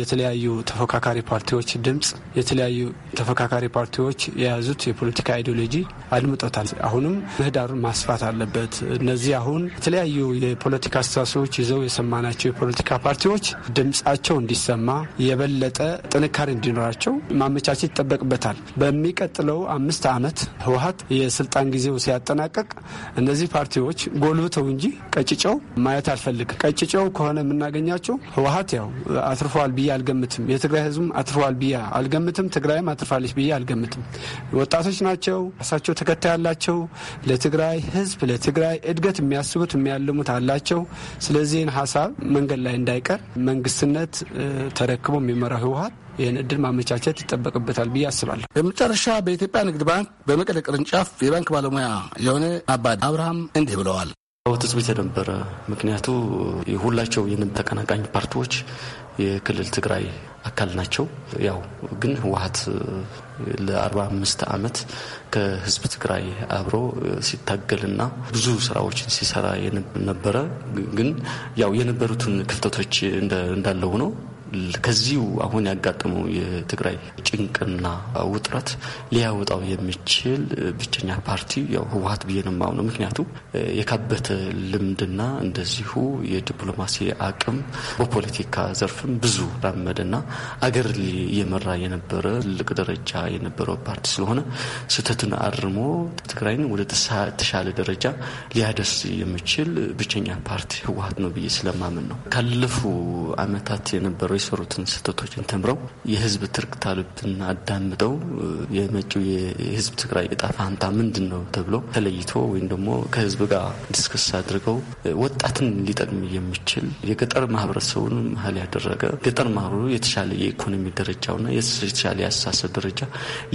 S18: የተለያዩ ተፎካካሪ ፓርቲዎች ድምፅ፣ የተለያዩ ተፎካካሪ ፓርቲዎች የያዙት የፖለቲካ አይዲዮሎጂ አድምጦታል። አሁንም ምህዳሩን ማስፋት አለበት። እነዚህ አሁን የተለያዩ የፖለቲካ አስተሳሰቦች ይዘው የሰማናቸው የፖለቲካ ፓርቲዎች ድምፃቸው እንዲሰማ የበለጠ ጥንካሬ እንዲኖራቸው ማመቻቸት ይጠበቅበታል። በሚቀጥለው አምስት ዓመት ህወሀት የስልጣን ጊዜው ሲያጠናቀቅ እነዚህ ፓርቲዎች ጎልብተው እንጂ ቀጭጨው ማየት አልፈልግም። ቀጭጨው ከሆነ የምናገኛቸው ህወሀት ያው አትርፈዋል ብዬ አልገምትም። የትግራይ ህዝብም አትርፈዋል ብዬ አልገምትም። ትግራይም አትርፋለች ብዬ አልገምትም። ወጣቶች ናቸው፣ ራሳቸው ተከታይ አላቸው ለትግራይ ህዝብ ለትግራይ እድገት የሚያስቡት የሚያልሙት አላቸው። ስለዚህን ሀሳብ መንገድ ላይ እንዳይቀር መንግስትነት ተረክቦ የሚመራው ህወሀት ይህን እድል ማመቻቸት ይጠበቅበታል ብዬ አስባለሁ። በመጨረሻ በኢትዮጵያ ንግድ ባንክ በመቀለ ቅርንጫፍ የባንክ ባለሙያ
S19: የሆነ አባድ
S15: አብርሃም እንዲህ ብለዋል።
S19: ህዝብ የተደንበረ ምክንያቱ ሁላቸው ይህንን ተቀናቃኝ ፓርቲዎች የክልል ትግራይ አካል ናቸው። ያው ግን ህወሀት ለአርባ አምስት ዓመት ከህዝብ ትግራይ አብሮ ሲታገልና ብዙ ስራዎችን ሲሰራ ነበረ። ግን ያው የነበሩትን ክፍተቶች እንዳለ ሆኖ ከዚሁ አሁን ያጋጠመው የትግራይ ጭንቅና ውጥረት ሊያወጣው የሚችል ብቸኛ ፓርቲ ያው ህወሀት ብዬ ነው የማምነው። ምክንያቱም የካበተ ልምድና እንደዚሁ የዲፕሎማሲ አቅም በፖለቲካ ዘርፍም ብዙ ራመደና አገር እየመራ የነበረ ትልቅ ደረጃ የነበረው ፓርቲ ስለሆነ ስህተትን አርሞ ትግራይን ወደ ተሻለ ደረጃ ሊያደስ የሚችል ብቸኛ ፓርቲ ህወሀት ነው ብዬ ስለማምን ነው ካለፉ አመታት የነበረው የሰሩትን ስህተቶችን ተምረው የህዝብ ትርክት አልብትን አዳምጠው የመጪው የህዝብ ትግራይ እጣ ፈንታ ምንድን ነው ተብሎ ተለይቶ ወይም ደግሞ ከህዝብ ጋር ዲስክስ አድርገው ወጣትን ሊጠቅም የሚችል የገጠር ማህበረሰቡን መሀል ያደረገ ገጠር ማህበሩ የተሻለ የኢኮኖሚ ደረጃውና የተሻለ የአስተሳሰብ ደረጃ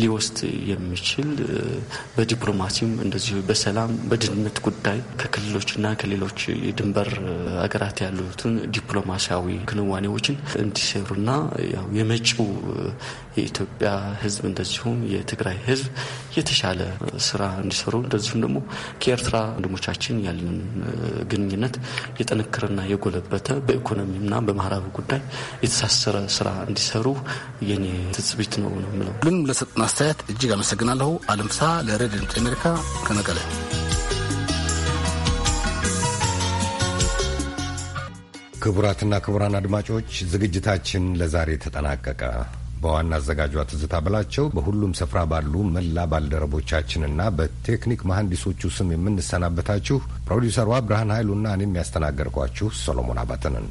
S19: ሊወስድ የሚችል በዲፕሎማሲም እንደዚሁ በሰላም በድህንነት ጉዳይ ከክልሎችና ከሌሎች የድንበር ሀገራት ያሉትን ዲፕሎማሲያዊ ክንዋኔዎችን እንዲሰሩና ያው የመጪው የኢትዮጵያ ሕዝብ እንደዚሁም የትግራይ ሕዝብ የተሻለ ስራ እንዲሰሩ እንደዚሁም ደግሞ ከኤርትራ ወንድሞቻችን ያለን ግንኙነት የጠነከረና የጎለበተ በኢኮኖሚና በማህበራዊ ጉዳይ የተሳሰረ ስራ እንዲሰሩ የኔ ትጽቢት ነው ነው ምለው። ሁሉንም ለሰጡን አስተያየት እጅግ አመሰግናለሁ። አለምሳ ፍስሀ አሜሪካ ከመቀለ
S1: ክቡራትና ክቡራን አድማጮች ዝግጅታችን ለዛሬ ተጠናቀቀ። በዋና አዘጋጇ ትዝታ ብላቸው በሁሉም ስፍራ ባሉ መላ ባልደረቦቻችንና በቴክኒክ መሐንዲሶቹ ስም የምንሰናበታችሁ ፕሮዲውሰሯ ብርሃን ኃይሉና እኔም ያስተናገርኳችሁ ሶሎሞን አባተንን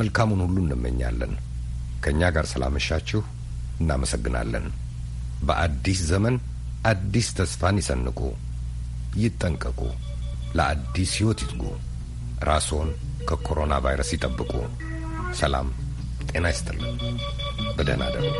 S1: መልካሙን ሁሉ እንመኛለን። ከእኛ ጋር ስላመሻችሁ እናመሰግናለን። በአዲስ ዘመን አዲስ ተስፋን ይሰንቁ፣ ይጠንቀቁ፣ ለአዲስ ሕይወት ይትጉ፣ ራስዎን ከኮሮና ቫይረስ ይጠብቁ። ሰላም ጤና ይስጥልን። በደህና ደሩ።